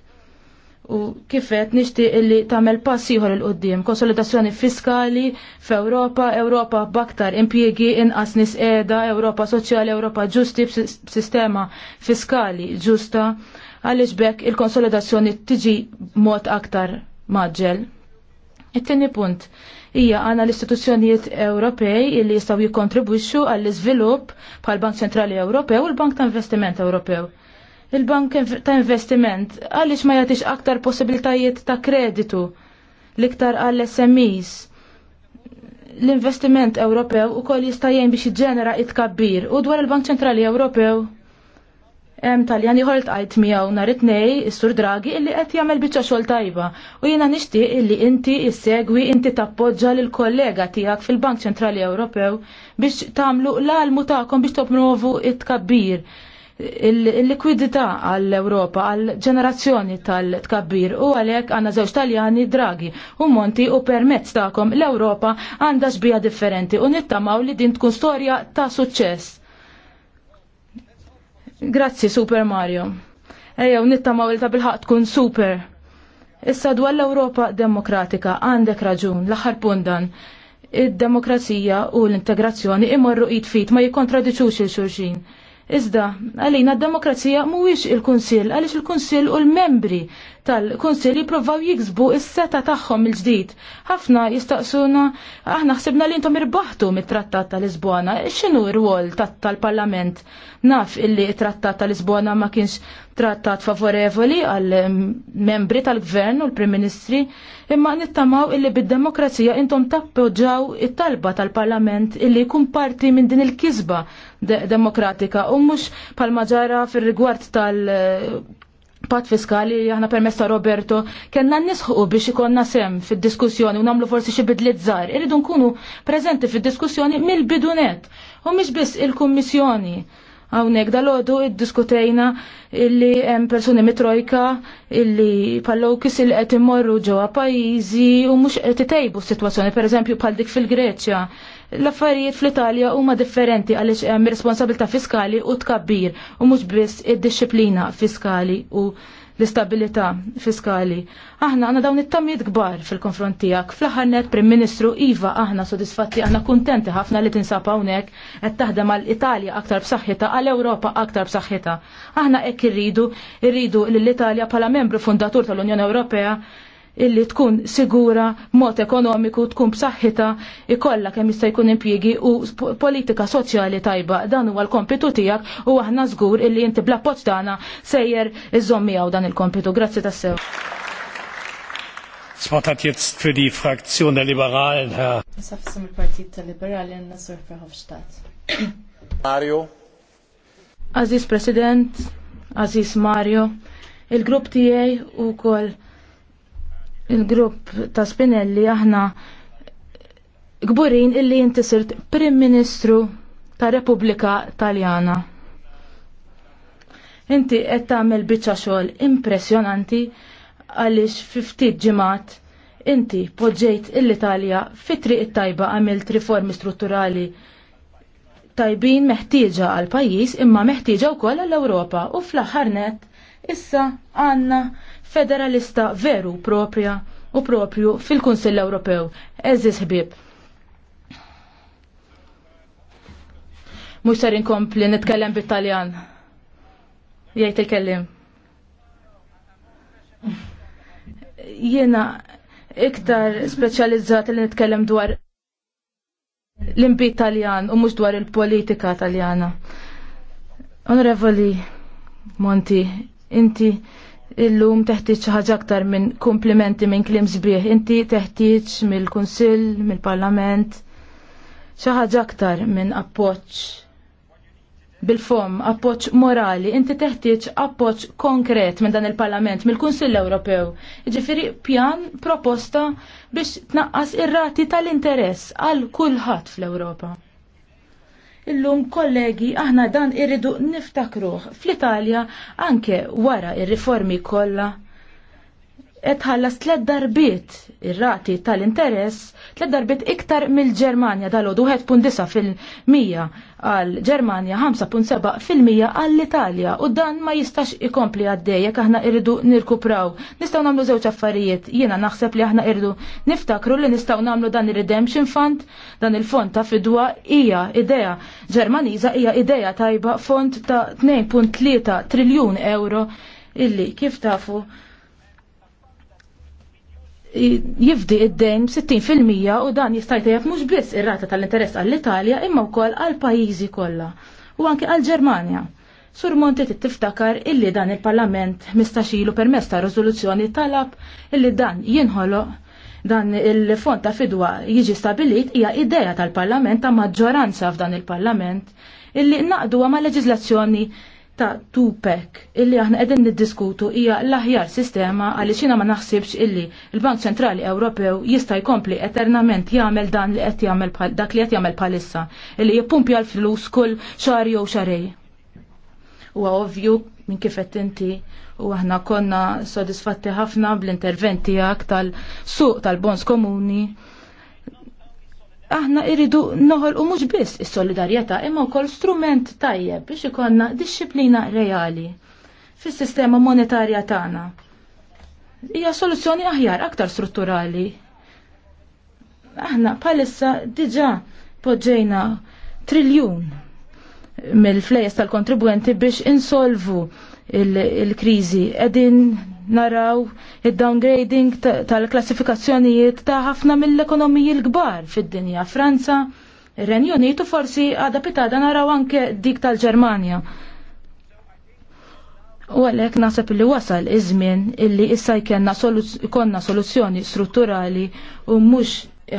u kifet nixtieq illi tagħmel pass ieħor il qudiem konsolidazzjoni fiskali f'Ewropa, Ewropa b'aktar impjiegi inqas nies qiegħda, Ewropa soċjali, Ewropa ġusti b'sistema fiskali ġusta għaliex bekk il-konsolidazzjoni tiġi mod aktar maġġel. It-tieni punt hija għandna l-istituzzjonijiet Ewropej li jistgħu jikkontribwixxu għall iżvilupp bħal Bank Ċentrali Ewropew u l-Bank ta' Investiment Ewropew. Il-Bank ta' Investiment għaliex ma jagħtix aktar possibiltajiet ta' kreditu l-iktar għall-SMEs. L-investiment Ewropew ukoll jista' jgħin biex jiġġenera it-kabbir u dwar il-Bank Ċentrali Ewropew Em taljan iħolt għajt miegħu nhar it tnejn is-Sur Draghi illi qed jagħmel biċċa xogħol tajba u jiena nixtieq illi inti issegwi inti tappoġġa lill kollega tiegħek fil-Bank Ċentrali Ewropew biex tagħmlu l-almu tagħkom biex topprovu it-tkabbir il-likwidità għall-Ewropa għall-ġenerazzjoni tal-tkabbir u għalhekk għandna żewġ Taljani Draghi u Monti u permezz tagħkom l-Ewropa għandha xbija differenti u nittamaw li din tkun storja ta' suċċess Grazzi Super Mario. Ejjew nittamaw il ta' bilħaq tkun super. Issa dwar l-Ewropa demokratika għandek raġun l-aħħar pundan. Id-demokrazija u l-integrazzjoni imorru id fit ma jikkontradiċux il-xulxin. Iżda, għalina d-demokrazija mhuwiex il-Kunsill, għaliex il-Kunsill u l-membri tal-Kunsill jippruvaw jiksbu is-seta tagħhom il-ġdid. Ħafna jistaqsuna aħna ħsibna li intom irbaħtu mit-Trattat tal-Lisbona. X'inhu r-rwol tal-Parlament? Naf illi t-Trattat tal-Lisbona ma kienx trattat favorevoli għal membri tal-Gvern u l-Prim Ministri, imma nittamaw illi bid-demokrazija intom tappoġġaw it-talba tal-Parlament illi jkun parti minn din il-kisba demokratika u mhux palma maġara fir-rigward tal- pat fiskali li aħna permessa Roberto kena nisħu biex ikonna sem fil-diskussjoni u namlu forsi xi bidliet żgħar. Irridu nkunu preżenti fil-diskussjoni mill-bidunet. U mhix biss il-Kummissjoni. Hawnhekk id iddiskutejna illi hemm persuni mitrojka illi pallowkis il qed imorru ġewwa pajjiżi u mhux qed itejbu s-sitwazzjoni, pereżempju bħal dik fil-Greċja l-affarijiet fl-Italja huma differenti għaliex hemm responsabilità fiskali u tkabbir u mhux biss id-disciplina fiskali u l-istabilità fiskali. Aħna għandna dawn it-tammiet kbar fil-konfront tiegħek. Fl-aħħar net Prim Ministru Iva aħna sodisfatti aħna kuntenti ħafna li tinsab hawnhekk qed taħdem għal Italja aktar b'saħħitha għal Ewropa aktar b'saħħitha. Aħna hekk irridu irridu lill-Italja bħala membru fundatur tal-Unjoni Ewropea illi tkun sigura, mod ekonomiku, tkun b'saħħita, ikollha kemm jista' jkun impjiegi u politika soċjali tajba. Dan huwa l-kompitu tiegħek u aħna żgur illi inti bla tagħna sejjer iżommi għaw dan il-kompitu. Grazzi tassew. Spot hat jetzt für die Fraktion der Liberalen, Herr. Mario. Aziz President, Aziz Mario, il-grupp tiegħi. u koll il-grupp ta' Spinelli aħna gburin illi inti sirt Prim Ministru ta' Repubblika Taljana. Inti qed tagħmel biċċa xogħol impressjonanti għaliex fi ftit ġimgħat inti poġġejt l-Italja fitri it-tajba għamilt riformi strutturali tajbin meħtieġa għal pajjiż imma meħtieġa wkoll għall-Ewropa u fl-aħħar net issa għandna federalista veru propria u propju fil-Kunsill Ewropew. Eżis ħbib. Mux sarin inkompli nitkellem bit-Taljan. Jgħid il-kellim. Jiena iktar speċjalizzat li nitkellem dwar l-imbit Taljan u mhux dwar il-politika Taljana. Onorevoli Monti, inti illum teħtieġ xi ħaġa aktar minn komplimenti minn kliem sbieħ. Inti teħtieġ mill-Kunsill, mill-Parlament, xi ħaġa aktar minn appoġġ bil-fom, appoġġ morali, inti teħtieġ appoġġ konkret minn dan il-Parlament, mill-Kunsill Ewropew. Ġifieri pjan proposta biex tnaqqas ir-rati tal-interess għal kulħadd fl-Ewropa. Illum kollegi aħna dan irridu niftakruh fl-Italja anke wara ir-riformi kollha etħallas tlet darbiet ir-rati tal-interess, tlet darbiet iktar mill-Ġermanja dal-għodu 1.9 fil-mija għal-Ġermanja 5.7 fil-mija għall-Italja u dan ma jistax ikompli għaddejjek aħna irridu nirkupraw. Nistaw namlu żewġ affarijiet, jiena naħseb li aħna irridu niftakru li nistaw namlu dan il-redemption fund, dan il-fond ta' fidwa hija idea Ġermaniża hija idea tajba fond ta' 2.3 triljun euro illi kif tafu jifdi id-dejn 60% u dan jista' jtejjeb mhux biss ir-rata tal-interess għall-Italja imma wkoll għall-pajjiżi kollha u anke għall-Ġermanja. Sur Monti tiftakar illi dan il-Parlament mistaxilu permess ta' riżoluzzjoni talab illi dan jinħoloq dan il-fond ta' fidwa jiġi stabilit hija ideja tal-Parlament ta' maġġoranza f'dan il-Parlament illi naqduha ma' leġizlazzjoni ta' Tupek illi aħna qegħdin niddiskutu hija l-aħjar sistema għaliex xina ma naħsibx illi l-Bank Ċentrali Ewropew jista' jkompli eternament jagħmel dan li qed jagħmel dak li qed jagħmel bħalissa illi jippumpja l-flus kull xahar jew xarej. Huwa ovvju minn kif qed inti u aħna konna sodisfatti ħafna bl-intervent tiegħek tal-suq tal-bonds komuni aħna irridu noħol u mhux biss is-solidarjetà imma wkoll strument tajjeb biex ikonna disċiplina reali fis-sistema monetarja tagħna. Hija soluzzjoni aħjar aktar strutturali. Aħna bħalissa diġà poġġejna triljun mill-flejes tal-kontribwenti biex insolvu il krizi il, kriżi qegħdin naraw id-downgrading tal-klassifikazzjonijiet ta' ħafna mill-ekonomiji l gbar fid-dinja. Franza, ir-Renju Unitu forsi għada pitada naraw anke dik tal-Ġermanja. U għalek nasab li wasal iż-żmien illi issa jkenna konna soluzzjoni strutturali u mhux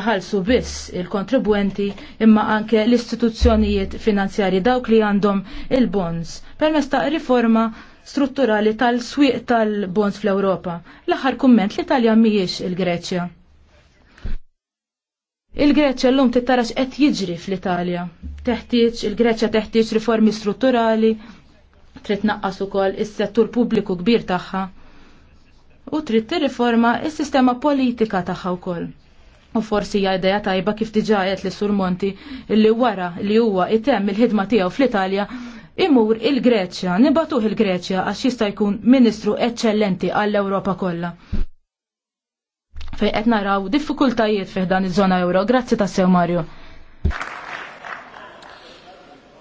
ħalsu biss il kontribuenti imma anke l-istituzzjonijiet finanzjari dawk li għandhom il-bonds permezz ta' riforma strutturali tal-swieq tal-bonds fl-Ewropa. L-aħħar kumment l-Italja mhijiex il-Greċja. Il-Greċja l-lum tittarax qed jiġri fl-Italja. Teħtieġ il-Greċja teħtieġ riformi strutturali, trid naqqas ukoll is-settur pubbliku kbir tagħha u trid tirriforma s-sistema politika tagħha wkoll. U forsi hija idea tajba kif diġa qed li Sur Monti li wara li huwa item il-ħidma tiegħu fl-Italja imur il-Greċja, nibatuħ il-Greċja għax jista' jkun ministru eccellenti għall-Ewropa kollha. Fejn qed naraw diffikultajiet fih dan iż-żona euro. Grazzi tassew Mario.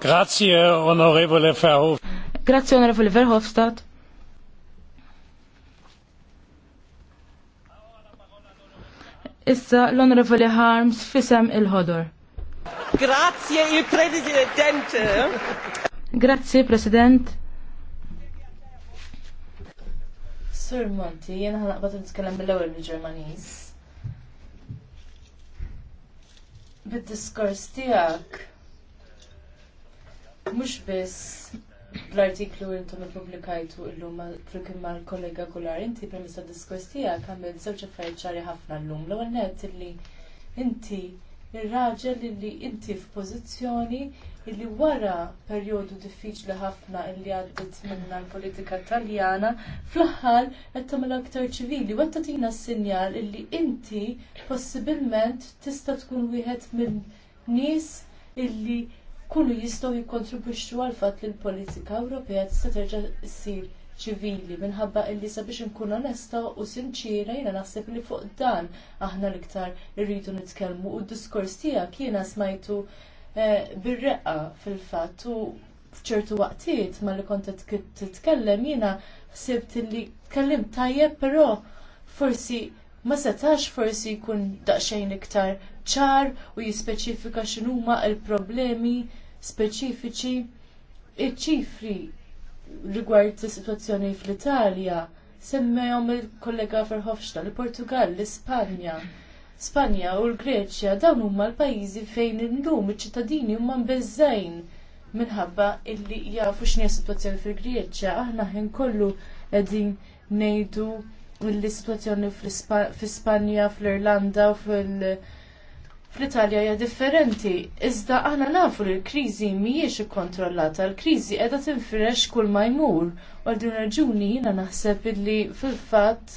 Grazie, onorevole Verhofstadt. Grazie, onorevole Verhofstadt. Issa l onorevole Harms fisem il-ħodor. Grazie, il-Presidente. Grazzi, President. Sur Monti, jena ħanaqbat nitkellem bil-ewwel bil-Ġermaniż. Bid-diskors tiegħek mhux biss l-artiklu li intom ippubblikajtu llum flimkien mal-kollega Gular, inti premissa tad-diskors tiegħek għamil żewġ affarijiet ċari ħafna llum. L-ewwel nett inti ir-raġel li inti f'pożizzjoni illi wara perjodu diffiċli ħafna illi għaddit minna l-politika taljana fl-aħħar qed tagħmel aktar ċivili u qed tagħtina s-sinjal illi inti possibilment tista' tkun wieħed minn nies illi kullu jistgħu jikkontribwixxu għal fatt li l-politika Ewropea tista' terġa' ssir ċivili minħabba illi sabiex inkun onesta u sinċira jiena naħseb li fuq dan aħna l-iktar irridu nitkellmu u d-diskors tiegħek jiena smajtu eh, bir-reqqa fil-fatt u f'ċertu waqtiet ma li kont titkellem jiena ħsibt li tkellimt tajjeb però forsi ma setax forsi jkun daqsxejn iktar ċar u jispeċifika x'inhuma l problemi speċifiċi iċ-ċifri rigward is-sitwazzjoni fl-Italja, semmejhom il-kollega Verhofstadt, il-Portugal, l-Ispanja. Spanja u l-Greċja dawn huma l-pajjiżi fejn illum iċ-ċittadini huma mbeżżejn minħabba illi jafu x'nija sitwazzjoni fil-Greċja, aħna ħin kollu qegħdin ngħidu l-sitwazzjoni fl-Ispanja, fl-Irlanda, fil-, -Irlanda, fil fl-Italja hija differenti. Iżda aħna nafu li l-kriżi mhijiex ikkontrollata, l-kriżi qiegħda tinfirex kull ma jmur. Għal din raġuni jiena naħseb li fil-fatt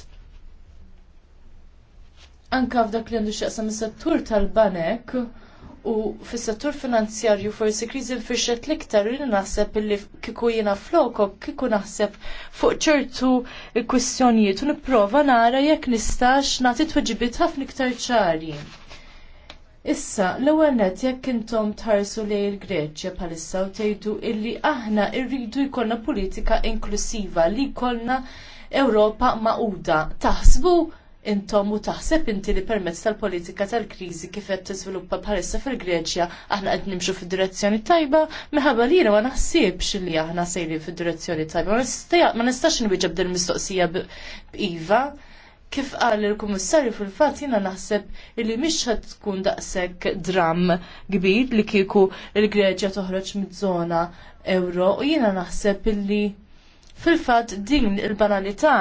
anka f'dak li għandu x'jaqsam is-settur tal-banek u fis-settur finanzjarju forsi kriżi firxet l-iktar jiena naħseb illi kieku jiena flokok kieku naħseb fuq ċertu kwistjonijiet u nipprova nara jekk nistax nagħti tweġibiet ħafna iktar ċari. Issa, l-ewwel nett jekk intom tħarsu lejn il-Greċja bħalissa u tgħidu illi aħna rridu jkollna politika inklusiva li jkollna Ewropa maquda. Taħsbu intom u taħseb inti li permezz tal-politika tal-kriżi kif qed tiżviluppa bħalissa fil-Greċja aħna qed nimxu fid-direzzjoni tajba minħabba li ma naħsibx li aħna sejrin fid-direzzjoni tajba. Ma nistax nwieġeb din mistoqsija b'iva kif qal il-Kummissarju fil-fatt jiena naħseb illi mhix tkun daqshekk dram kbir li kieku il-Greċja toħroġ miż-żona euro u jiena naħseb illi fil-fatt din il-banalità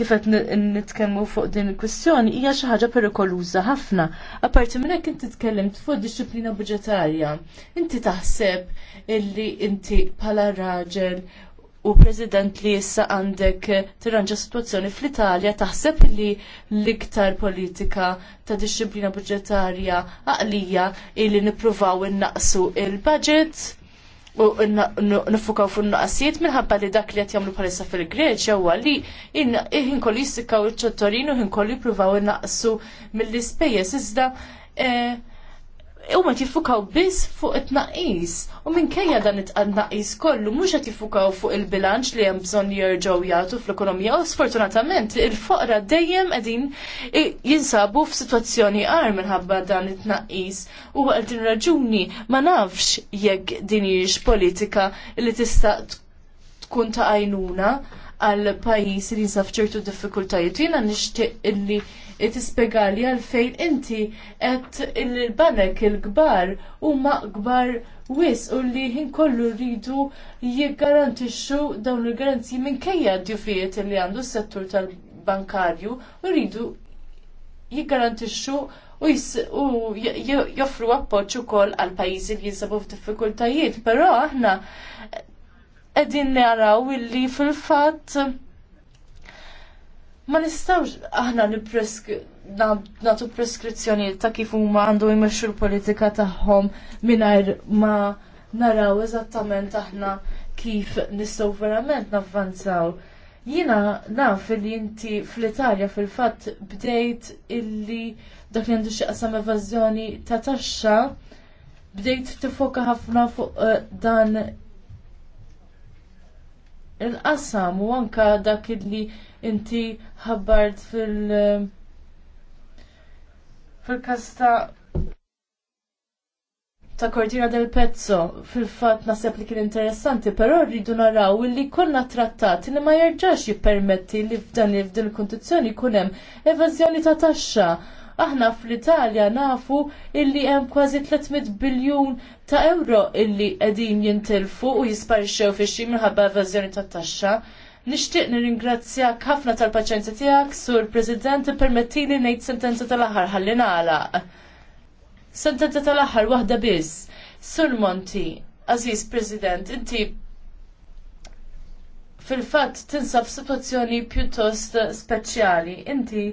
kif qed nitkellmu fuq din il-kwistjoni hija xi ħaġa perikoluża ħafna. Apparti minn hekk inti tkellimt fuq disċiplina budġetarja. Inti taħseb illi inti bħala raġel u president li issa għandek tirranġa situazzjoni fl-Italja taħseb li l-iktar politika ta' disċiplina budġetarja għaqlija illi nippruvaw innaqsu il-budget u nifukaw fuq naqsijiet minħabba li dak li qed jagħmlu bħalissa fil-Greċja huwa għalli inkolli jistikaw iċ-ċottorin u inkolli jippruvaw innaqsu mill-ispejjeż iżda eh, u ma tifukaw biss fuq it-naqis. U minkejja dan it-naqis kollu mhux qed jifukaw fuq il-bilanċ li hemm bżonn jerġgħu jagħtu fl-ekonomija u sfortunatament il-foqra dejjem qegħdin jinsabu f'sitwazzjoni għar minħabba dan it-naqis. U għal din raġuni ma nafx jekk din hijiex politika li tista' tkun ta' għajnuna għal pajjiżi li jinsab ċertu diffikultajiet. Jiena nixtieq illi it ispjegali għalfejn inti qed il-banek il-kbar huma kbar wis u li jħin kollu rridu jiggarantixxu dawn il minn minkejja d-djufijiet li għandu s-settur tal-bankarju u rridu jiggarantixxu u joffru appoġġ ukoll għal pajjiżi li jinsabu f'diffikultajiet, però aħna qegħdin naraw li fil-fatt ma nistawx aħna nagħtu preskrizzjonijiet ta' kif huma għandu jmexxu l-politika tagħhom mingħajr ma naraw eżattament aħna kif nistgħu verament navvanzaw. Jina naf li inti fl-Italja fil-fatt bdejt illi dak li għandu qasam evażjoni ta' taxxa bdejt tifoka ħafna fuq eh, dan il u anka dak li inti ħabbart fil- fil-kasta ta' Cortina del Pezzo fil-fat nasib li kien interessanti, però rridu naraw li konna trattat li ma jerġax jippermetti li f'dan il-kundizzjoni kunem evażjoni ta' taxxa Aħna fl-Italja nafu illi hemm kważi 300 biljun ta' euro illi qegħdin jintilfu u jisparixxew fix-xi minħabba evażjoni tat-taxxa. nixtieq nirringrazzjak ħafna tal paċenzja tiegħek, sur President, permettili ngħid sentenza tal aħħar ħalli nagħlaq. Sentenza tal aħħar waħda biss. Sur Monti, Aziz President, inti fil fatt tinsab situazzjoni pjuttost speċjali. Inti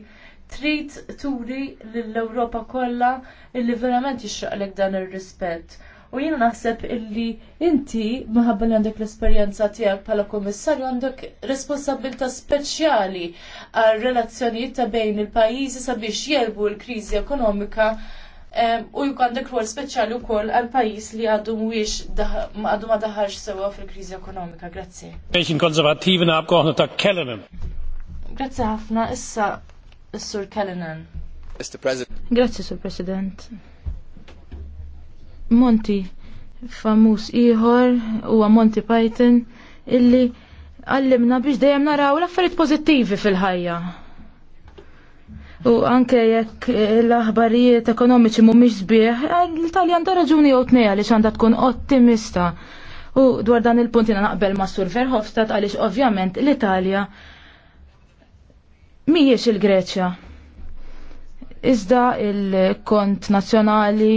trid turi lill-Ewropa kollha illi verament jixraqlek dan ir-rispett. U jiena naħseb illi inti, minħabba li għandek l-esperjenza tiegħek bħala kummissarju, għandek responsabilità speċjali għal relazzjonijiet ta' bejn il-pajjiżi sabiex jgħelbu l-kriżi ekonomika u jkun għandek rwol speċjali wkoll għal pajjiż li għadu mhuwiex għadu ma daħarx sewwa fil-kriżi ekonomika. Grazzi. Grazzi ħafna issa Sir sur Callanan. Mr. President. Grazzi, Sur President. Monty, famuż ieħor huwa Monty Python illi għallimna biex dejjem naraw l-affarijiet pożittivi fil-ħajja. U anke jekk l-aħbarijiet ekonomiċi mhumiex sbieħ, l-Italja għandha raġuni jew tnejja li għandha tkun ottimista. U dwar dan il-punt jiena naqbel ma' Sur Verhofstadt għaliex ovvjament l-Italja mhijiex il-Greċja. Iżda il-kont nazzjonali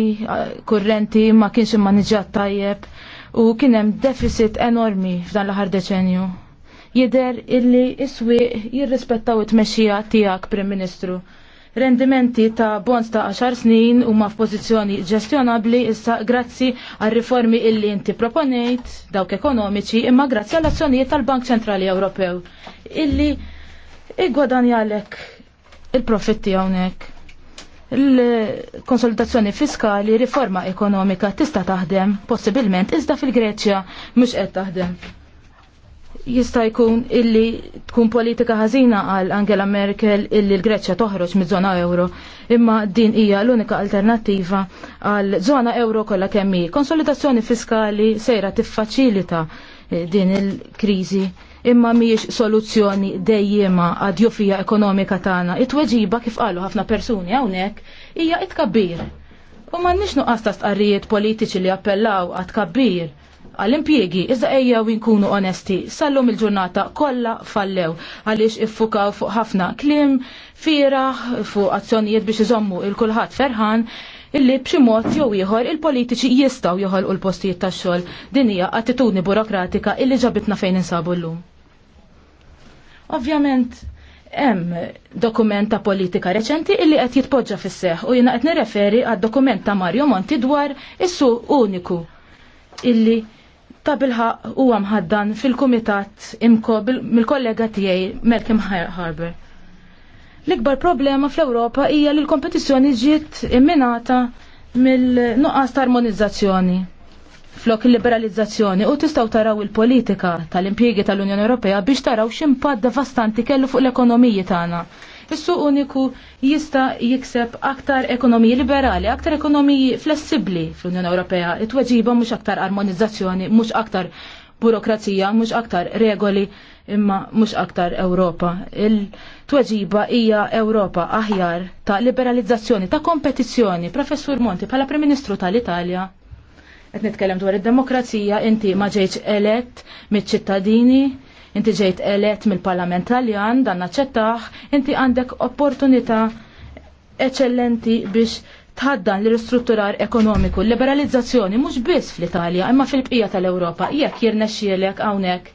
kurrenti ma kienx immaniġat tajjeb u kien hemm deficit enormi f'dan l-aħħar deċenju. Jider illi iswi jirrispettaw it-mexxija tiegħek Prim Ministru. Rendimenti ta' bonds ta' 10 snin u ma' f'pożizzjoni ġestjonabli issa grazzi għal riformi illi inti proponejt dawk ekonomiċi imma grazzi għall azzjonijiet tal-Bank Ċentrali Ewropew illi Igwadan jalek il-profitti għonek. Il-konsolidazzjoni fiskali, riforma ekonomika tista' taħdem, possibilment iżda fil-Greċja mhux qed taħdem. Jista' jkun illi tkun politika ħażina għal Angela Merkel illi l-Greċja toħroġ mi żona euro, imma din hija l-unika alternattiva għal żona euro kollha kemm hi. Konsolidazzjoni fiskali sejra tiffaċilita eh, din il-kriżi imma miex soluzzjoni dejjema għadjufija ekonomika tagħna. It-tweġiba kif qalu ħafna persuni hawnhekk hija it-kabbir. U m'għandniex nuqqas ta' stqarrijiet politiċi li appellaw għad kabbir għall-impjiegi iżda ejja u nkunu onesti sallum il-ġurnata kollha fallew għaliex iffukaw fuq ħafna klim, firaħ, fuq azzjonijiet biex iżommu il-kulħadd ferħan illi b'xi mod jew ieħor il-politiċi jistgħu joħolqu l-postijiet tax-xogħol. Din hija attitudni burokratika illi ġabitna fejn insabu llum. Ovvjament, hemm dokument ta' politika reċenti illi qed jitpoġġa fis-seħħ u jiena qed nirreferi għad dokument ta' Mario Monti dwar is-suq uniku illi ta' bilħaq huwa mħaddan fil-kumitat imko mill-kollega tiegħi Malcolm Harbour. L-ikbar problema fl-Ewropa hija li l-kompetizzjoni ġiet imminata mill-nuqqas ta' armonizzazzjoni flok il-liberalizzazzjoni u tistaw taraw il-politika tal-impjiegi tal-Unjoni Ewropea biex taraw ximpad devastanti kellu fuq l-ekonomiji tagħna. Is-suq uniku jista' jikseb aktar ekonomiji liberali, aktar ekonomiji flessibbli fl-Unjoni Ewropea. It-tweġiba mhux aktar armonizzazzjoni, mhux aktar burokrazija, mhux aktar regoli imma mhux aktar Ewropa. Il-tweġiba hija Ewropa aħjar ta' liberalizzazzjoni, ta' kompetizzjoni. Professur Monti, bħala Prim Ministru tal-Italja, qed nitkellem dwar id-demokrazija, inti ma ġejtx elett miċ-ċittadini, inti ġejt elett mill-Parlament Taljan, dan naċċettaħ, inti għandek opportunità eċċellenti biex tħaddan l istrutturar ekonomiku, liberalizzazzjoni mhux biss fl-Italja imma fil-bqija tal-Ewropa jekk jirnexxielek hawnhekk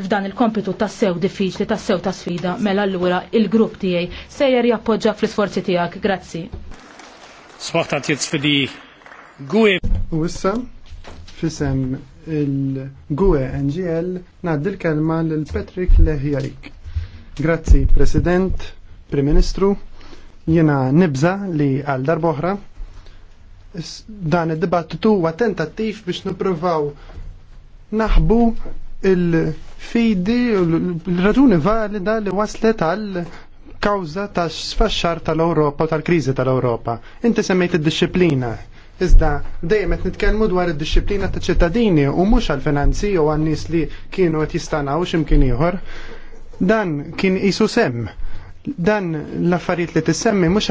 f'dan il-kompitu tassew diffiċli, tassew ta' sfida, mela allura il-grupp tiegħi sejjer jappoġġa fl-isforzi tiegħek. Grazzi. Smaħtat jitzfidi gwe. U issa, fisem il-gwe NGL, naddi l-kelma l-Patrick Lehjarik. Grazzi, President, Prim Ministru, jena nibza li għal darboħra dan id-dibattitu huwa tentattiv biex nippruvaw naħbu il-fidi, l-raġuni valida li waslet għal kawza ta' sfaxxar tal-Europa, tal-krizi tal-Europa. Inti semmejt id-disciplina. Iżda, dejjem qed nitkellmu dwar id-disciplina ta' ċittadini u mhux għall-finanzi u għan-nies li kienu qed jistanaw x'imkien ieħor. Dan kien qisu semm dan l-affarijiet li tissemmi mhux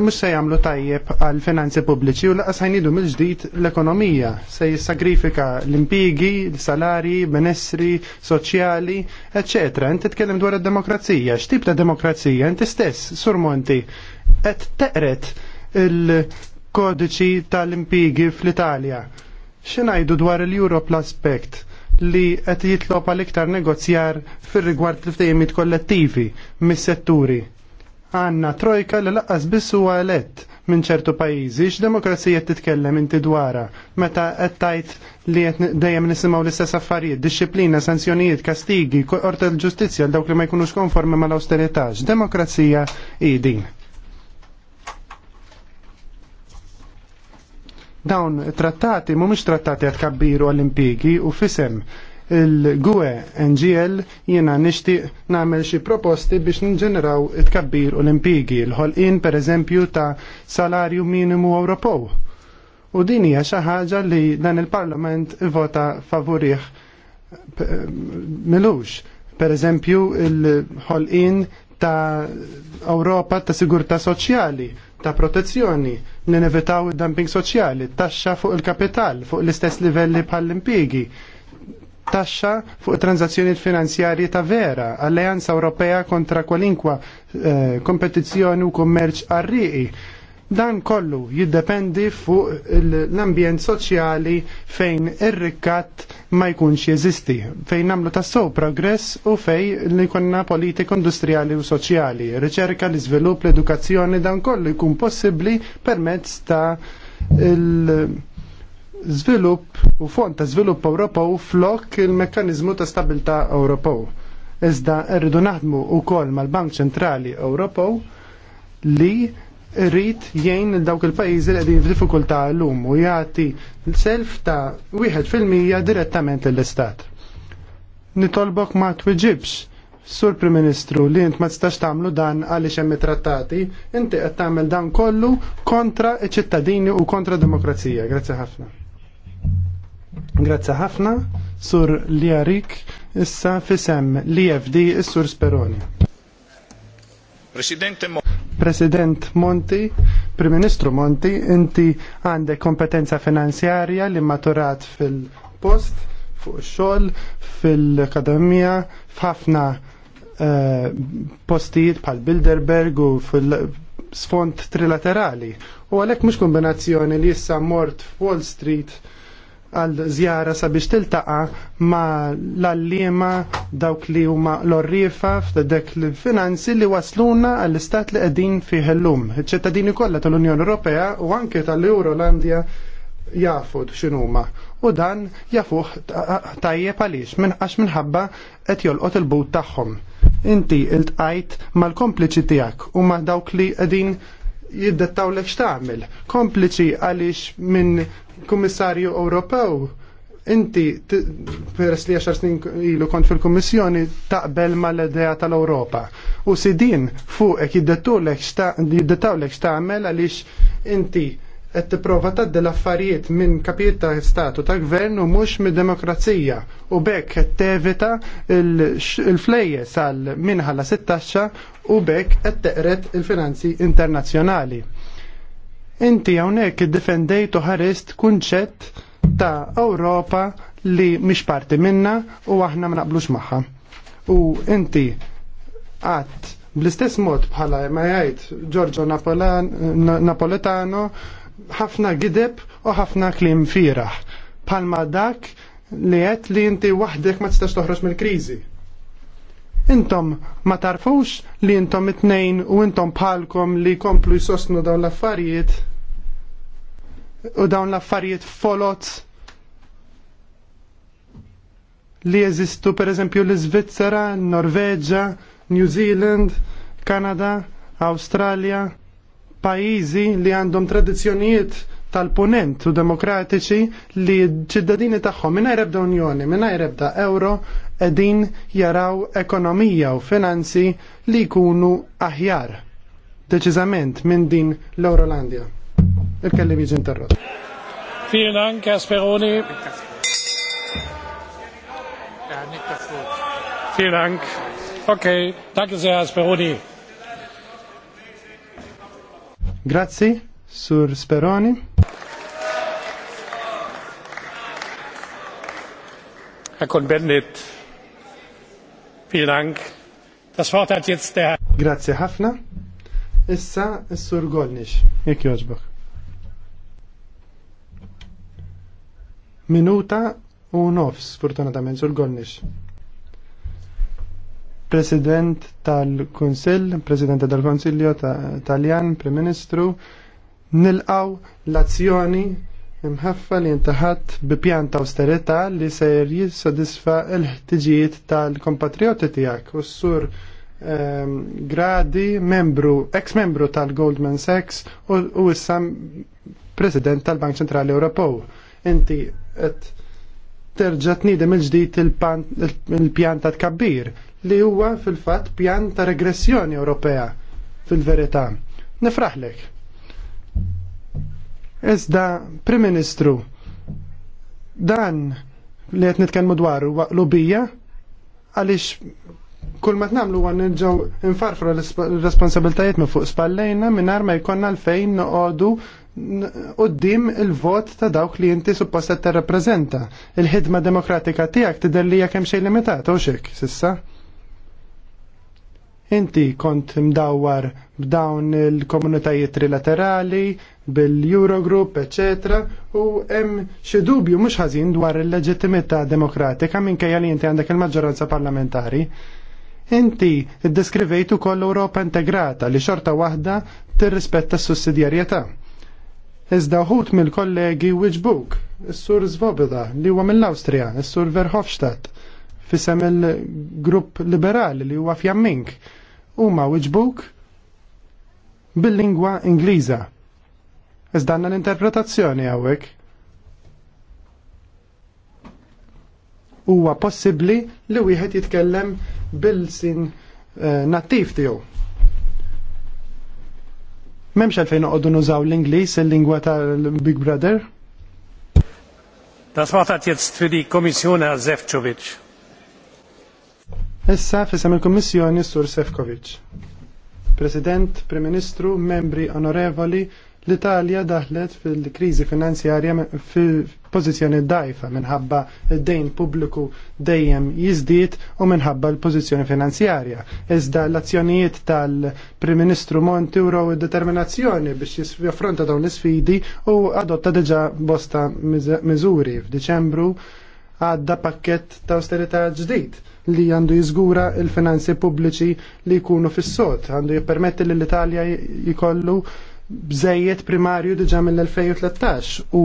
mhux se jagħmlu tajjeb għal finanzi pubbliċi u laqas ħajnidu mill-ġdid l-ekonomija se jissagrifika l-impigi, l-salari, benessri, soċjali, eċetera. Inti tkellem dwar id-demokrazija, x'tip ta' demokrazija inti stess surmonti qed teqret il-kodiċi tal-impigi fl-Italja. X'ingħidu dwar il-Europe l-aspekt? li qed jitlob għal iktar negozjar fir-rigward l-ftehimiet kollettivi mis-setturi. Għanna trojka li laqqas biss huwa elett minn ċertu pajjiżi x'demokrazija titkellem inti dwara meta qed tajt li qed dejjem nisimgħu l-istess affarijiet, disċiplina, sanzjonijiet, kastigi, qorta l-ġustizzja l dawk li ma jkunux konformi mal-awsterità. X'demokrazija hi din? Dawn trattati mhumiex trattati għad kabbiru għall-impigi u fisem il-GUE NGL jiena nixtieq nagħmel xi proposti biex nġeneraw it-kabbir u l-impigi, l-ħolqien pereżempju ta' salarju minimu Ewropew. U din hija xi ħaġa li dan il-Parlament vota favorih milux. Per eżempju, il-ħolqien ta' Ewropa ta' sigurtà soċjali ta' protezzjoni, nenevitaw id-dumping soċjali, taxxa fuq il-kapital, fuq l-istess livelli bħall-impigi, taxxa fuq it-transazzjoni finanzjarji ta' vera, alleanza Ewropea kontra kwalinkwa eh, kompetizzjoni u kommerċ arriqi Dan kollu jiddependi fuq l-ambjent soċjali fejn ir-rikkat ma jkunx jeżisti, fejn namlu tassow progress u fejn li konna politika industrijali u soċjali, riċerka, l-iżvilupp, l-edukazzjoni, dan kollu jkun possibbli permezz ta' il- żvilupp u fond ta' żvilupp Ewropew flok il-mekkanizmu ta' stabilità Ewropew. Iżda rridu naħdmu wkoll mal-Bank Ċentrali Ewropew li rrit jgħin dawk il pajizi li qegħdin f'diffikultà lum u jagħti self ta' wieħed fil-mija direttament lill-Istat. Nitolbok ma twiġibx, Sur Prim Ministru, li int ma tistax tagħmlu dan għaliex hemm trattati, inti qed tagħmel dan kollu kontra ċ-ċittadini u kontra demokrazija. Grazzi ħafna. Grazzi ħafna, Sur Liarik, issa fisem l fd is-Sur Speroni. President Monti, Prim Ministru Monti, inti għandek kompetenza finanzjarja li maturat fil-post, fuq xogħol, fil-akademija, f'ħafna eh, postijiet bħal Bilderberg u fil-sfond trilaterali. U għalhekk mhux kombinazzjoni li issa mort f'Wall Street għal żjara sabiex tiltaqa ma l-allima dawk li huma l-orrifa f'dek l-finanzi li wasluna għall-istat li qegħdin fih illum. Iċ-ċittadini kollha tal-Unjoni Ewropea u anke tal-Eurolandja jafu x'inhuma. U dan jafuh tajjeb għaliex minn għax minħabba qed jolqot il-but tagħhom. Inti iltqajt mal-kompliċi tiegħek u ma' dawk li qegħdin jiddettaw l x'tagħmel. Kompliċi għaliex minn kummissarju Ewropew, inti peress li għaxar snin ilu kont fil-Kummissjoni taqbel mal-idea tal-Ewropa. U sidin fuq fuqek jiddettawlek xtaqmel għaliex inti qed tipprova tgħaddi l-affarijiet minn kapijiet ta' statu ta' gvern u mhux mid-demokrazija. U bekk qed tevita il-fleje sal minħalla sit-taxxa u bekk qed teqret il-finanzi internazzjonali. Inti hawnhekk iddefendejt u ħarist kunċett ta' Ewropa li mhix parti minna u aħna ma naqblux magħha. U inti għat bl-istess mod bħala ma jgħid Giorgio Napoletano ħafna gideb u ħafna klim firaħ. Palma dak li għet li inti wahdek ma tistax toħroġ mill-krizi. Intom ma tarfux li intom it-nejn u intom bħalkom li komplu jisosnu dawn l-affarijiet u dawn l-affarijiet folot li jeżistu per eżempju l-Svizzera, Norveġa, New Zealand, Kanada, Australia, pajizi li għandhom tradizzjonijiet tal-ponent u demokratiċi li ċittadini tagħhom mingħajr ebda Unjoni, mingħajr ebda Euro, edin jaraw ekonomija u finanzi li kunu aħjar. Deċiżament minn din l-Eurolandja. Il-kellim jiġi interrot. Vielen Kasperoni. Herr Speroni. Vielen Dank. Okay, danke sehr, Speroni. Grazie, Sur Speroni. Herr Cohn-Bendit, Vielen Dank. Das Grazie ħafna. Issa s-sur Golnix, jek joġbok. Minuta u nofs, fortunatament, sur Golnix. President tal-Konsil, President tal konsilio tal Taljan, Prim-Ministru, nilqaw l-azzjoni imħaffa li intaħat bi pjan ta' austerita li ser jissodisfa l-ħtiġijiet tal-kompatrioti tijak u s-sur ehm, gradi membru, ex-membru tal-Goldman Sachs u issam president tal-Bank Centrali Ewropew. Inti qed terġa' tniedem il-ġdid il-pjan ta' tkabbir li huwa fil-fatt pjan ta' regressjoni Ewropea fil-verità. Nifraħlek. Iżda, Prim Ministru, dan li qed nitkellmu dwaru waqlu bija għaliex kull ma tnamlu għan nġaw infarfru l-responsabiltajiet minn fuq spallejna mingħajr ma jkonna l-fejn noqogħdu qoddim il-vot ta' dawk li inti supposta t-reprezenta. Il-ħidma demokratika tijak tidelli kemm xejn limitata u xek, sissa? Inti kont mdawwar b'dawn il-komunitajiet trilaterali, bil-Eurogroup, etc. U hemm xi dubju mhux ħażin dwar il-leġittimità demokratika minkejja li inti għandek il-maġġoranza parlamentari. Inti iddeskrivejt ukoll Ewropa integrata li xorta waħda tirrispetta s-sussidjarjetà. Iżda uħut mill-kollegi Wiġbuk, is-sur Zvobida, li huwa mill-Awstrija, is-sur Verhofstadt fissem il-grupp liberali li huwa fjammink. Huma wiġbuk bil-lingwa Ingliża. Iżda danna l-interpretazzjoni hawnhekk. Huwa possibbli li wieħed jitkellem bil-sin eh, nattiv tiegħu. Memx għalfejn noqogħdu nużaw l-Ingliż il-lingwa tal-Big Brother? Das Wort hat jetzt für die Kommission Herr Sefcovic. Issa fisem il-Kommissjoni Sur Sefkovic. President, Prim-Ministru, membri onorevoli, l-Italja daħlet fil-krizi finanzjarja fil-pozizjoni dajfa minħabba il dejn pubbliku dejjem jizdit u minħabba l-pozizjoni finanzjarja. Iżda l-azzjonijiet tal-Prim-Ministru Monti uraw determinazzjoni biex jaffronta dawn l-sfidi u adotta deġa bosta miżuri f'Diċembru għadda pakket ta' austerità ġdid li għandu jiżgura il-finanzi pubbliċi li jkunu fis-sod, għandu jippermetti li l-Italja jkollu bżejjed primarju diġa mill-2013 u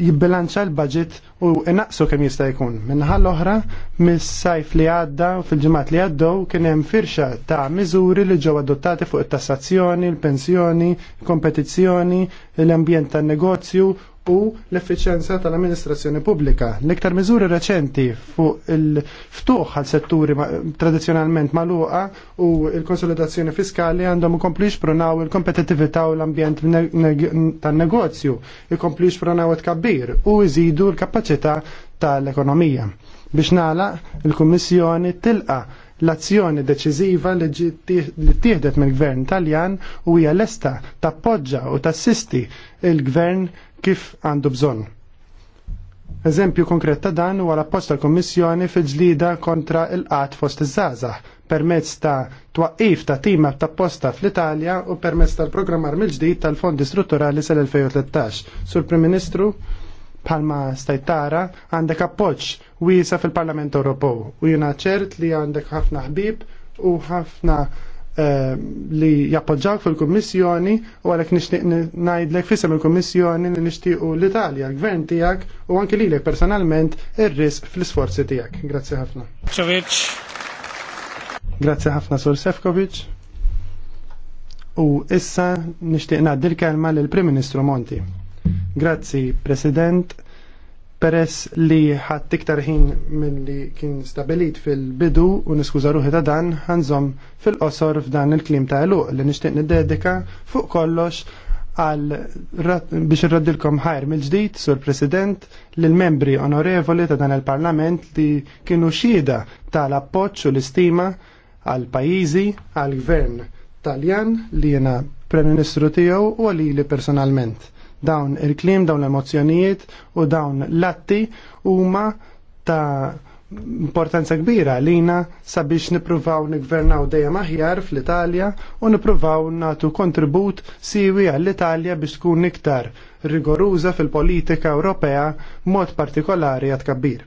jibbilanċa l-budget u inaqsu kemm jista' jkun. l oħra, mis-sajf li għadda u fil-ġimgħat li għaddew kien hemm firxa ta' miżuri li ġew adottati fuq it-tassazzjoni, il-pensjoni, il kompetizzjoni, l-ambjent tan-negozju u l-effiċenza tal-amministrazzjoni pubblika. L-iktar miżuri reċenti fuq il-ftuħ għal setturi tradizjonalment maluqa u il-konsolidazzjoni fiskali għandhom ikomplu jixpronaw il-kompetitività u l-ambjent tan-negozju, ikomplu jixpronaw it-kabbir u jżidu l-kapacità tal-ekonomija. Biex nala, il-Kummissjoni tilqa l-azzjoni deċiżiva li tieħdet mill-Gvern Taljan u hija lesta tappoġġa u tassisti il-Gvern kif għandu bżonn. Eżempju konkret ta' dan huwa l-appost tal-Kommissjoni fil-ġlida kontra il-qat fost iż-żgħażagħ permezz ta' twaqqif ta' tima ta' posta fl-Italja u permezz tal-programmar mill-ġdid tal-Fondi Strutturali sal-2013. Sur Prim Ministru, palma stajtara, għandek appoġġ wiesa fil-Parlament Ewropew u jiena ċert li għandek ħafna ħbib u ħafna Eh, li jappoġġawk fil-Kummissjoni u għalhekk nixtieq ngħidlek fisem il-Kummissjoni li nixtiequ l-Italja, l-Gvern tiegħek u anke lilek personalment ir-risq fl-isforzi tiegħek. Grazzi ħafna. Grazzi ħafna Sur Sefkovic. U issa nixtieq ngħaddi l-kelma lill-Prim Ministru Monti. Grazzi, President. Peress li ħadd iktar ħin milli kien stabilit fil-bidu u niskuża ruħi ta' dan ħanżom fil-qosor f'dan il-klim ta' eluq li nixtieq niddedika fuq kollox għal biex irraddilkom ħajr mill-ġdid sur President lill membri onorevoli ta' dan il-Parlament li kienu xhieda tal-appoġġ u l-istima għal pajjiżi għal gvern Taljan li jena Prem Ministru tiegħu u għalili personalment Dawn il-klim, dawn l-emozjonijiet u dawn l-atti huma ta' importanza kbira lina sabiex nipruvaw nigvernaw dejjem aħjar fl-Italja u nipruvaw natu kontribut siwi għall-Italja biex tkun iktar rigoruża fil-politika Ewropea mod partikolari għat kabbir.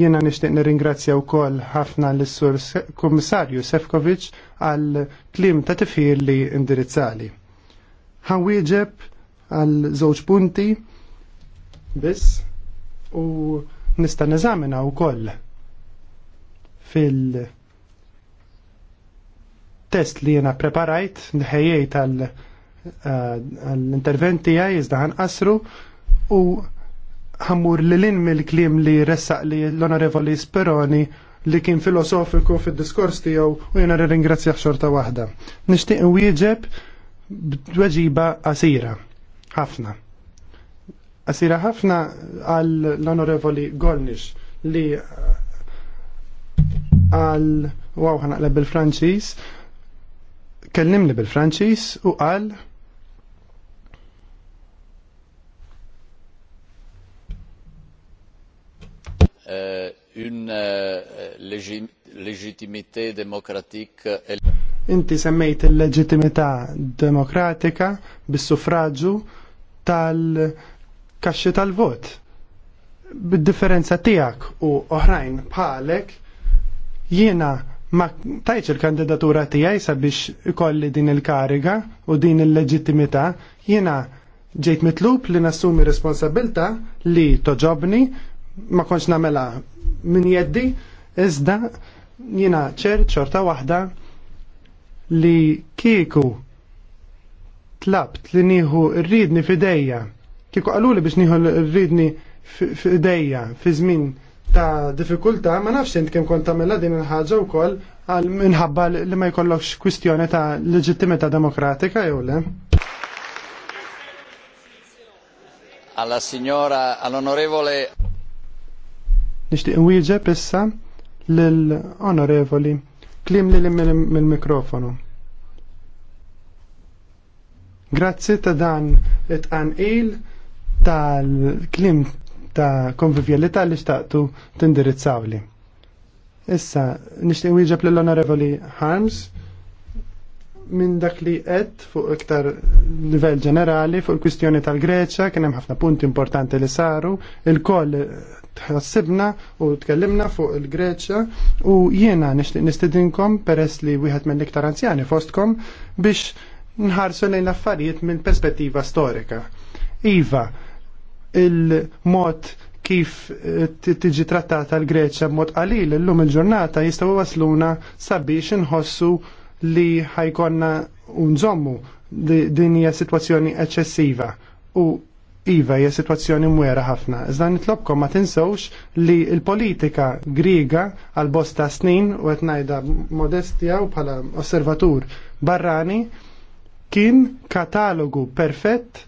Jiena nixtieq nirringrazzja wkoll ħafna l-Sur Kummissarju Sefkovic għal klim ta' tifir li indirizzali ħawieġeb għal żewġ punti biss u nista' neżamina wkoll fil test li jena preparajt nħejjej tal-intervent eh, tiegħi iżda ħanqasru u ħammur li l-in mill-klim li ressaq li l-Onorevoli Speroni li kien filosofiku fid-diskors tiegħu u jena ringrazzjah xorta waħda. Nixtieq wieġeb b'tweġiba qasira ħafna. Qasira ħafna għal l-Onorevoli Gornish li uh, għal wow ħanaqleb bil-Franċis kellimni bil-Franċis u qal eh, une eh, légitimité démocratique. Inti semmejt il-leġitimità demokratika bis-suffraġġu tal-kaxxi tal-vot. Bid-differenza tiegħek u oħrajn bħalek jiena ma tajċ il-kandidatura tiegħi sabiex ikolli din il-kariga u din il-leġittimità, jiena ġejt mitlub li nassumi responsabilta li toġobni ma konċ namela min jeddi, iżda jiena ċer ċorta wahda li kieku tlabt li nieħu rridni fidejja, kieku għaluli biex nieħu rridni fidejja fi żmien ta' diffikultà, ma nafx int kemm kont tagħmilha din il-ħaġa wkoll għal minħabba li ma jkollokx kwistjoni ta' leġittimità demokratika jew le. Alla signora, all'onorevole. Nixtieq wieġeb issa lill-onorevoli Klim li mill-mikrofonu. Grazzi ta' dan it il tal-klim ta' konvivjalità li xtaqtu tindirizzawli. Issa, nishtiq wieġeb l onorevoli Harms minn dak li qed fuq iktar livell ġenerali fuq il-kwistjoni tal-Greċja kien hemm ħafna punti importanti li saru, il-koll tħassibna u tkellimna fuq il-Greċja u jiena nixtieq nistidinkom peress li wieħed minn iktar anzjani fostkom biex nħarsu lejn affarijiet minn perspettiva storika. Iva, il-mod kif eh, tiġi trattata l-Greċja b'mod qalil illum il-ġurnata jistgħu wasluna sabiex inħossu li ħajkonna unżommu din hija sitwazzjoni eċċessiva u Iva, hija situazzjoni mwera ħafna. Iżda nitlobkom ma tinsewx li l-politika griega għal bosta snin u qed ngħidha modestja u bħala osservatur barrani kien katalogu perfett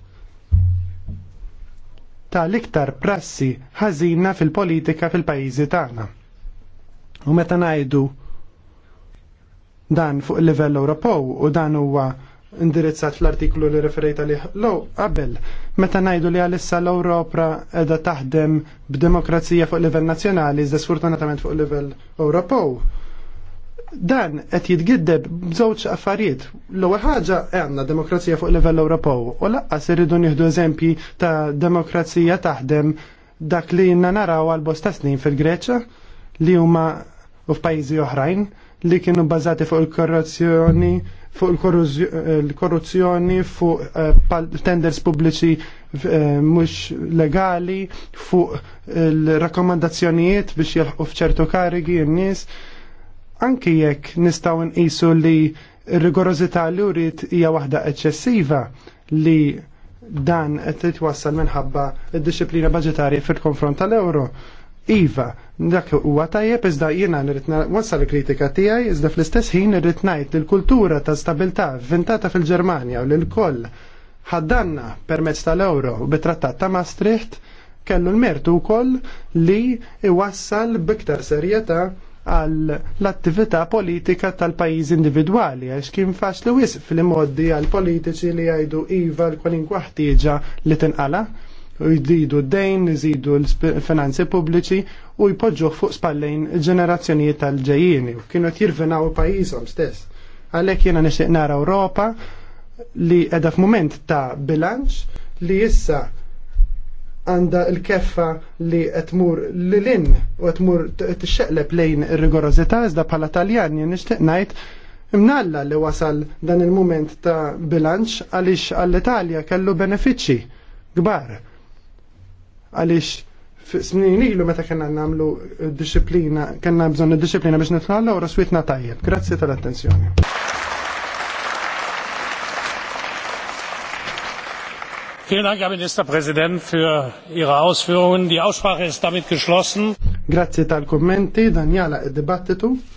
ta' iktar prassi ħażina fil-politika fil-pajjiżi tagħna. U meta ngħidu dan fuq il-livell Ewropew u dan huwa indirizzat fl-artiklu li referejta li l qabel Meta najdu li għalissa l-Europa edha taħdem b'demokrazija fuq livell nazzjonali, iżda sfortunatament fuq livell Ewropew. Dan qed jitgiddeb b'żewġ affarijiet. L-ewwel ħaġa eh, għandna demokrazija fuq livell Ewropew u laqqas irridu nieħdu eżempji ta' demokrazija taħdem dak li jinna naraw għal bosta snin fil-Greċa li huma u f'pajjiżi oħrajn li kienu bbażati fuq il-korruzzjoni fuq il-korruzzjoni, fuq eh, tenders pubbliċi eh, mhux legali, fuq il-rakkomandazzjonijiet biex jelħqu f'ċertu karigi n-nies. Anki jekk nistgħu nqisu li r-rigorożità li urid hija waħda eċċessiva li dan qed titwassal minħabba d-disciplina budġetarja fil-konfront tal-euro Iva, dak huwa tajjeb iżda jiena nrid wassal kritika tiegħi iżda fl-istess ħin irrid ngħid il-kultura ta' stabilta' vvintata fil-Ġermanja u lil koll ħaddanna permezz tal-euro u bit-trattat ta' Maastricht kellu l-mertu wkoll li iwassal biktar serjetà għall l-attività politika tal pajiz individwali għax kien faċli wisq fil-moddi għal politiċi li jgħidu iva l-kwalinkwa ħtieġa li tinqala' Jdidu d-dejn, jżidu l-finanzi pubbliċi u jpoġġuh fuq spallejn ġenerazzjoni ġenerazzjonijiet tal ġejjini u kienu jirvenaw pajjiżhom stess. Għalhekk jiena nixtieq nara Europa li qiegħda f'mument ta' bilanċ li issa għanda l-keffa li għetmur l-lin u għetmur t-xeqleb lejn rigorozita iżda bħala taljan jien nishtiq najt imnalla li wasal dan il-moment ta' bilanċ għalix għall-Italja kellu benefiċi gbar għaliex snin ilu meta kena namlu eh, disciplina, kena bżon disciplina biex nitħalla l raswitna tajjeb. Grazzi tal-attenzjoni. Vielen Dank, Herr Ministerpräsident, für Ihre Ausführungen. Die Aussprache ist damit geschlossen. Grazie tal-kommenti, Daniela, id-dibattitu.